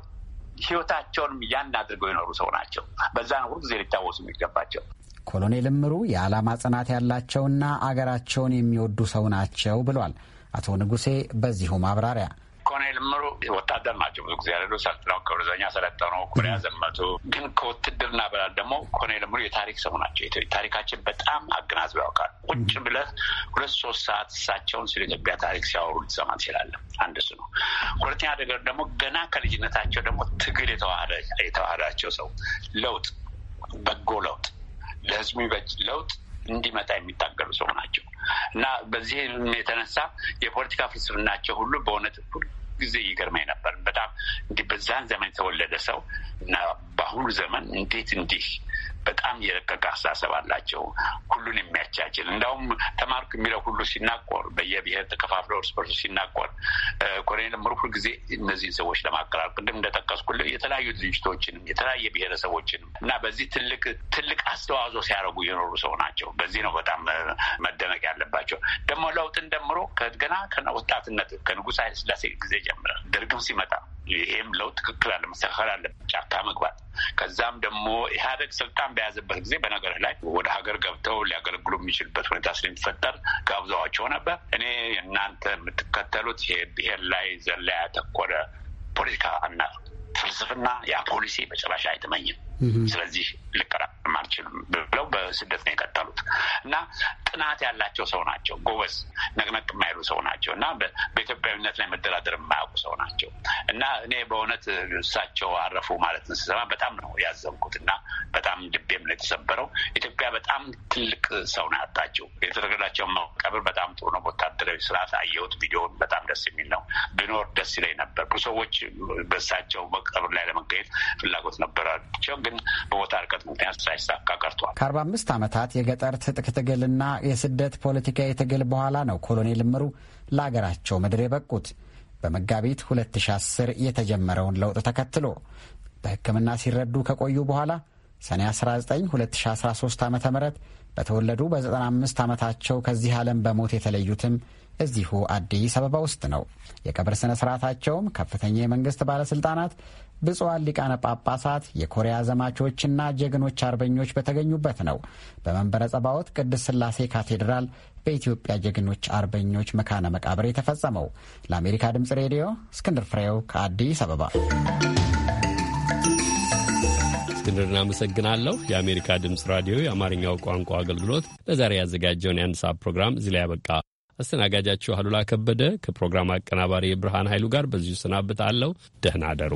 ህይወታቸውንም ያን አድርገው የኖሩ ሰው ናቸው። በዛ ነው ሁልጊዜ ሊታወሱ የሚገባቸው። ኮሎኔል ምሩ የዓላማ ጽናት ያላቸውና አገራቸውን የሚወዱ ሰው ናቸው ብሏል አቶ ንጉሴ በዚሁ ማብራሪያ ኮነ ምሩ ወታደር ናቸው። ብዙ ጊዜ ያለዱ ሰልጥነው ከብርዘኛ ሰለጠኑ፣ ኮሪያ ዘመቱ። ግን ከውትድርና በላል ደግሞ ኮኔል ምሩ የታሪክ ሰው ናቸው። ታሪካችን በጣም አገናዝበው ያውቃል። ቁጭ ብለህ ሁለት ሶስት ሰዓት እሳቸውን ስለ ኢትዮጵያ ታሪክ ሲያወሩ ልትሰማ ትችላለህ። አንድ እሱ ነው። ሁለተኛ ነገር ደግሞ ገና ከልጅነታቸው ደግሞ ትግል የተዋህዳቸው ሰው ለውጥ፣ በጎ ለውጥ፣ ለህዝቡ ይበጅ ለውጥ እንዲመጣ የሚታገሉ ሰው ናቸው እና በዚህም የተነሳ የፖለቲካ ፍልስፍናቸው ሁሉ በእውነት ጊዜ ይገርመኝ ነበር። በጣም እንዲህ በዛን ዘመን የተወለደ ሰው እና በአሁኑ ዘመን እንዴት እንዲህ በጣም የረቀቀ አስተሳሰብ አላቸው። ሁሉን የሚያቻችል እንዳውም ተማርኩ የሚለው ሁሉ ሲናቆር በየብሔር ተከፋፍለው እርስ በርሱ ሲናቆር ኮሎኔል የለመሩ ሁል ጊዜ እነዚህን ሰዎች ለማቀራር ቅድም እንደጠቀስኩልህ የተለያዩ ድርጅቶችንም የተለያየ ብሔረሰቦችንም እና በዚህ ትልቅ ትልቅ አስተዋጽኦ ሲያደርጉ የኖሩ ሰው ናቸው። በዚህ ነው በጣም መደመቅ ያለባቸው። ደግሞ ለውጥን ደምሮ ገና ከወጣትነት ከንጉሥ ኃይለ ጊዜ ጀምረ ደርግም ሲመጣ ይሄም ለውጥ ትክክል አለ መስተካከል አለበት። ጫካ መግባት ከዛም ደግሞ ኢህአደግ ስልጣን በያዘበት ጊዜ በነገር ላይ ወደ ሀገር ገብተው ሊያገለግሉ የሚችልበት ሁኔታ ስለሚፈጠር ጋብዘዋቸው ነበር። እኔ እናንተ የምትከተሉት ይሄ ብሔር ላይ ዘላ ያተኮረ ፖለቲካ እና ፍልስፍና ያ ፖሊሲ በጭራሽ አይጥመኝም። ስለዚህ ልከራከርም አልችልም ብለው በስደት ነው የቀጠሉት እና ጥናት ያላቸው ሰው ናቸው። ጎበዝ ነቅነቅ የማይሉ ሰው ናቸው እና በኢትዮጵያዊነት ላይ መደራደር የማያውቁ ሰው ናቸው እና እኔ በእውነት እሳቸው አረፉ ማለት ስሰማ በጣም ነው ያዘንኩት እና በጣም ልቤም ነው የተሰበረው። ኢትዮጵያ በጣም ትልቅ ሰው ነው ያጣቸው። የተደረገላቸው መቀብር በጣም ጥሩ ነው። በወታደራዊ ስርዓት አየሁት ቪዲዮን በጣም ደስ የሚል ነው። ብኖር ደስ ይለኝ ነበር። ብዙ ሰዎች በእሳቸው መቀብር ላይ ለመገኘት ፍላጎት ነበራቸው ግን በቦታ እርቀት ምክንያት ሳይሳካ ቀርቷል። ከአርባ አምስት ዓመታት የገጠር ትጥቅ ትግልና የስደት ፖለቲካዊ ትግል በኋላ ነው ኮሎኔል ምሩ ለአገራቸው ምድር የበቁት በመጋቢት 2010 የተጀመረውን ለውጥ ተከትሎ በሕክምና ሲረዱ ከቆዩ በኋላ ሰኔ 19 2013 ዓ ም በተወለዱ በ95 ዓመታቸው ከዚህ ዓለም በሞት የተለዩትም እዚሁ አዲስ አበባ ውስጥ ነው። የቀብር ሥነ ሥርዓታቸውም ከፍተኛ የመንግሥት ባለሥልጣናት፣ ብፁዓን ሊቃነ ጳጳሳት የኮሪያ ዘማቾችና ጀግኖች አርበኞች በተገኙበት ነው። በመንበረ ጸባዖት ቅድስት ስላሴ ካቴድራል በኢትዮጵያ ጀግኖች አርበኞች መካነ መቃብር የተፈጸመው። ለአሜሪካ ድምፅ ሬዲዮ እስክንድር ፍሬው ከአዲስ አበባ። እስክንድር እናመሰግናለሁ። የአሜሪካ ድምፅ ራዲዮ የአማርኛው ቋንቋ አገልግሎት ለዛሬ ያዘጋጀውን የአንድ ሰዓት ፕሮግራም እዚህ ላይ ያበቃ። አስተናጋጃችሁ አሉላ ከበደ ከፕሮግራም አቀናባሪ የብርሃን ኃይሉ ጋር በዚሁ ሰናብታለሁ። ደህና አደሩ።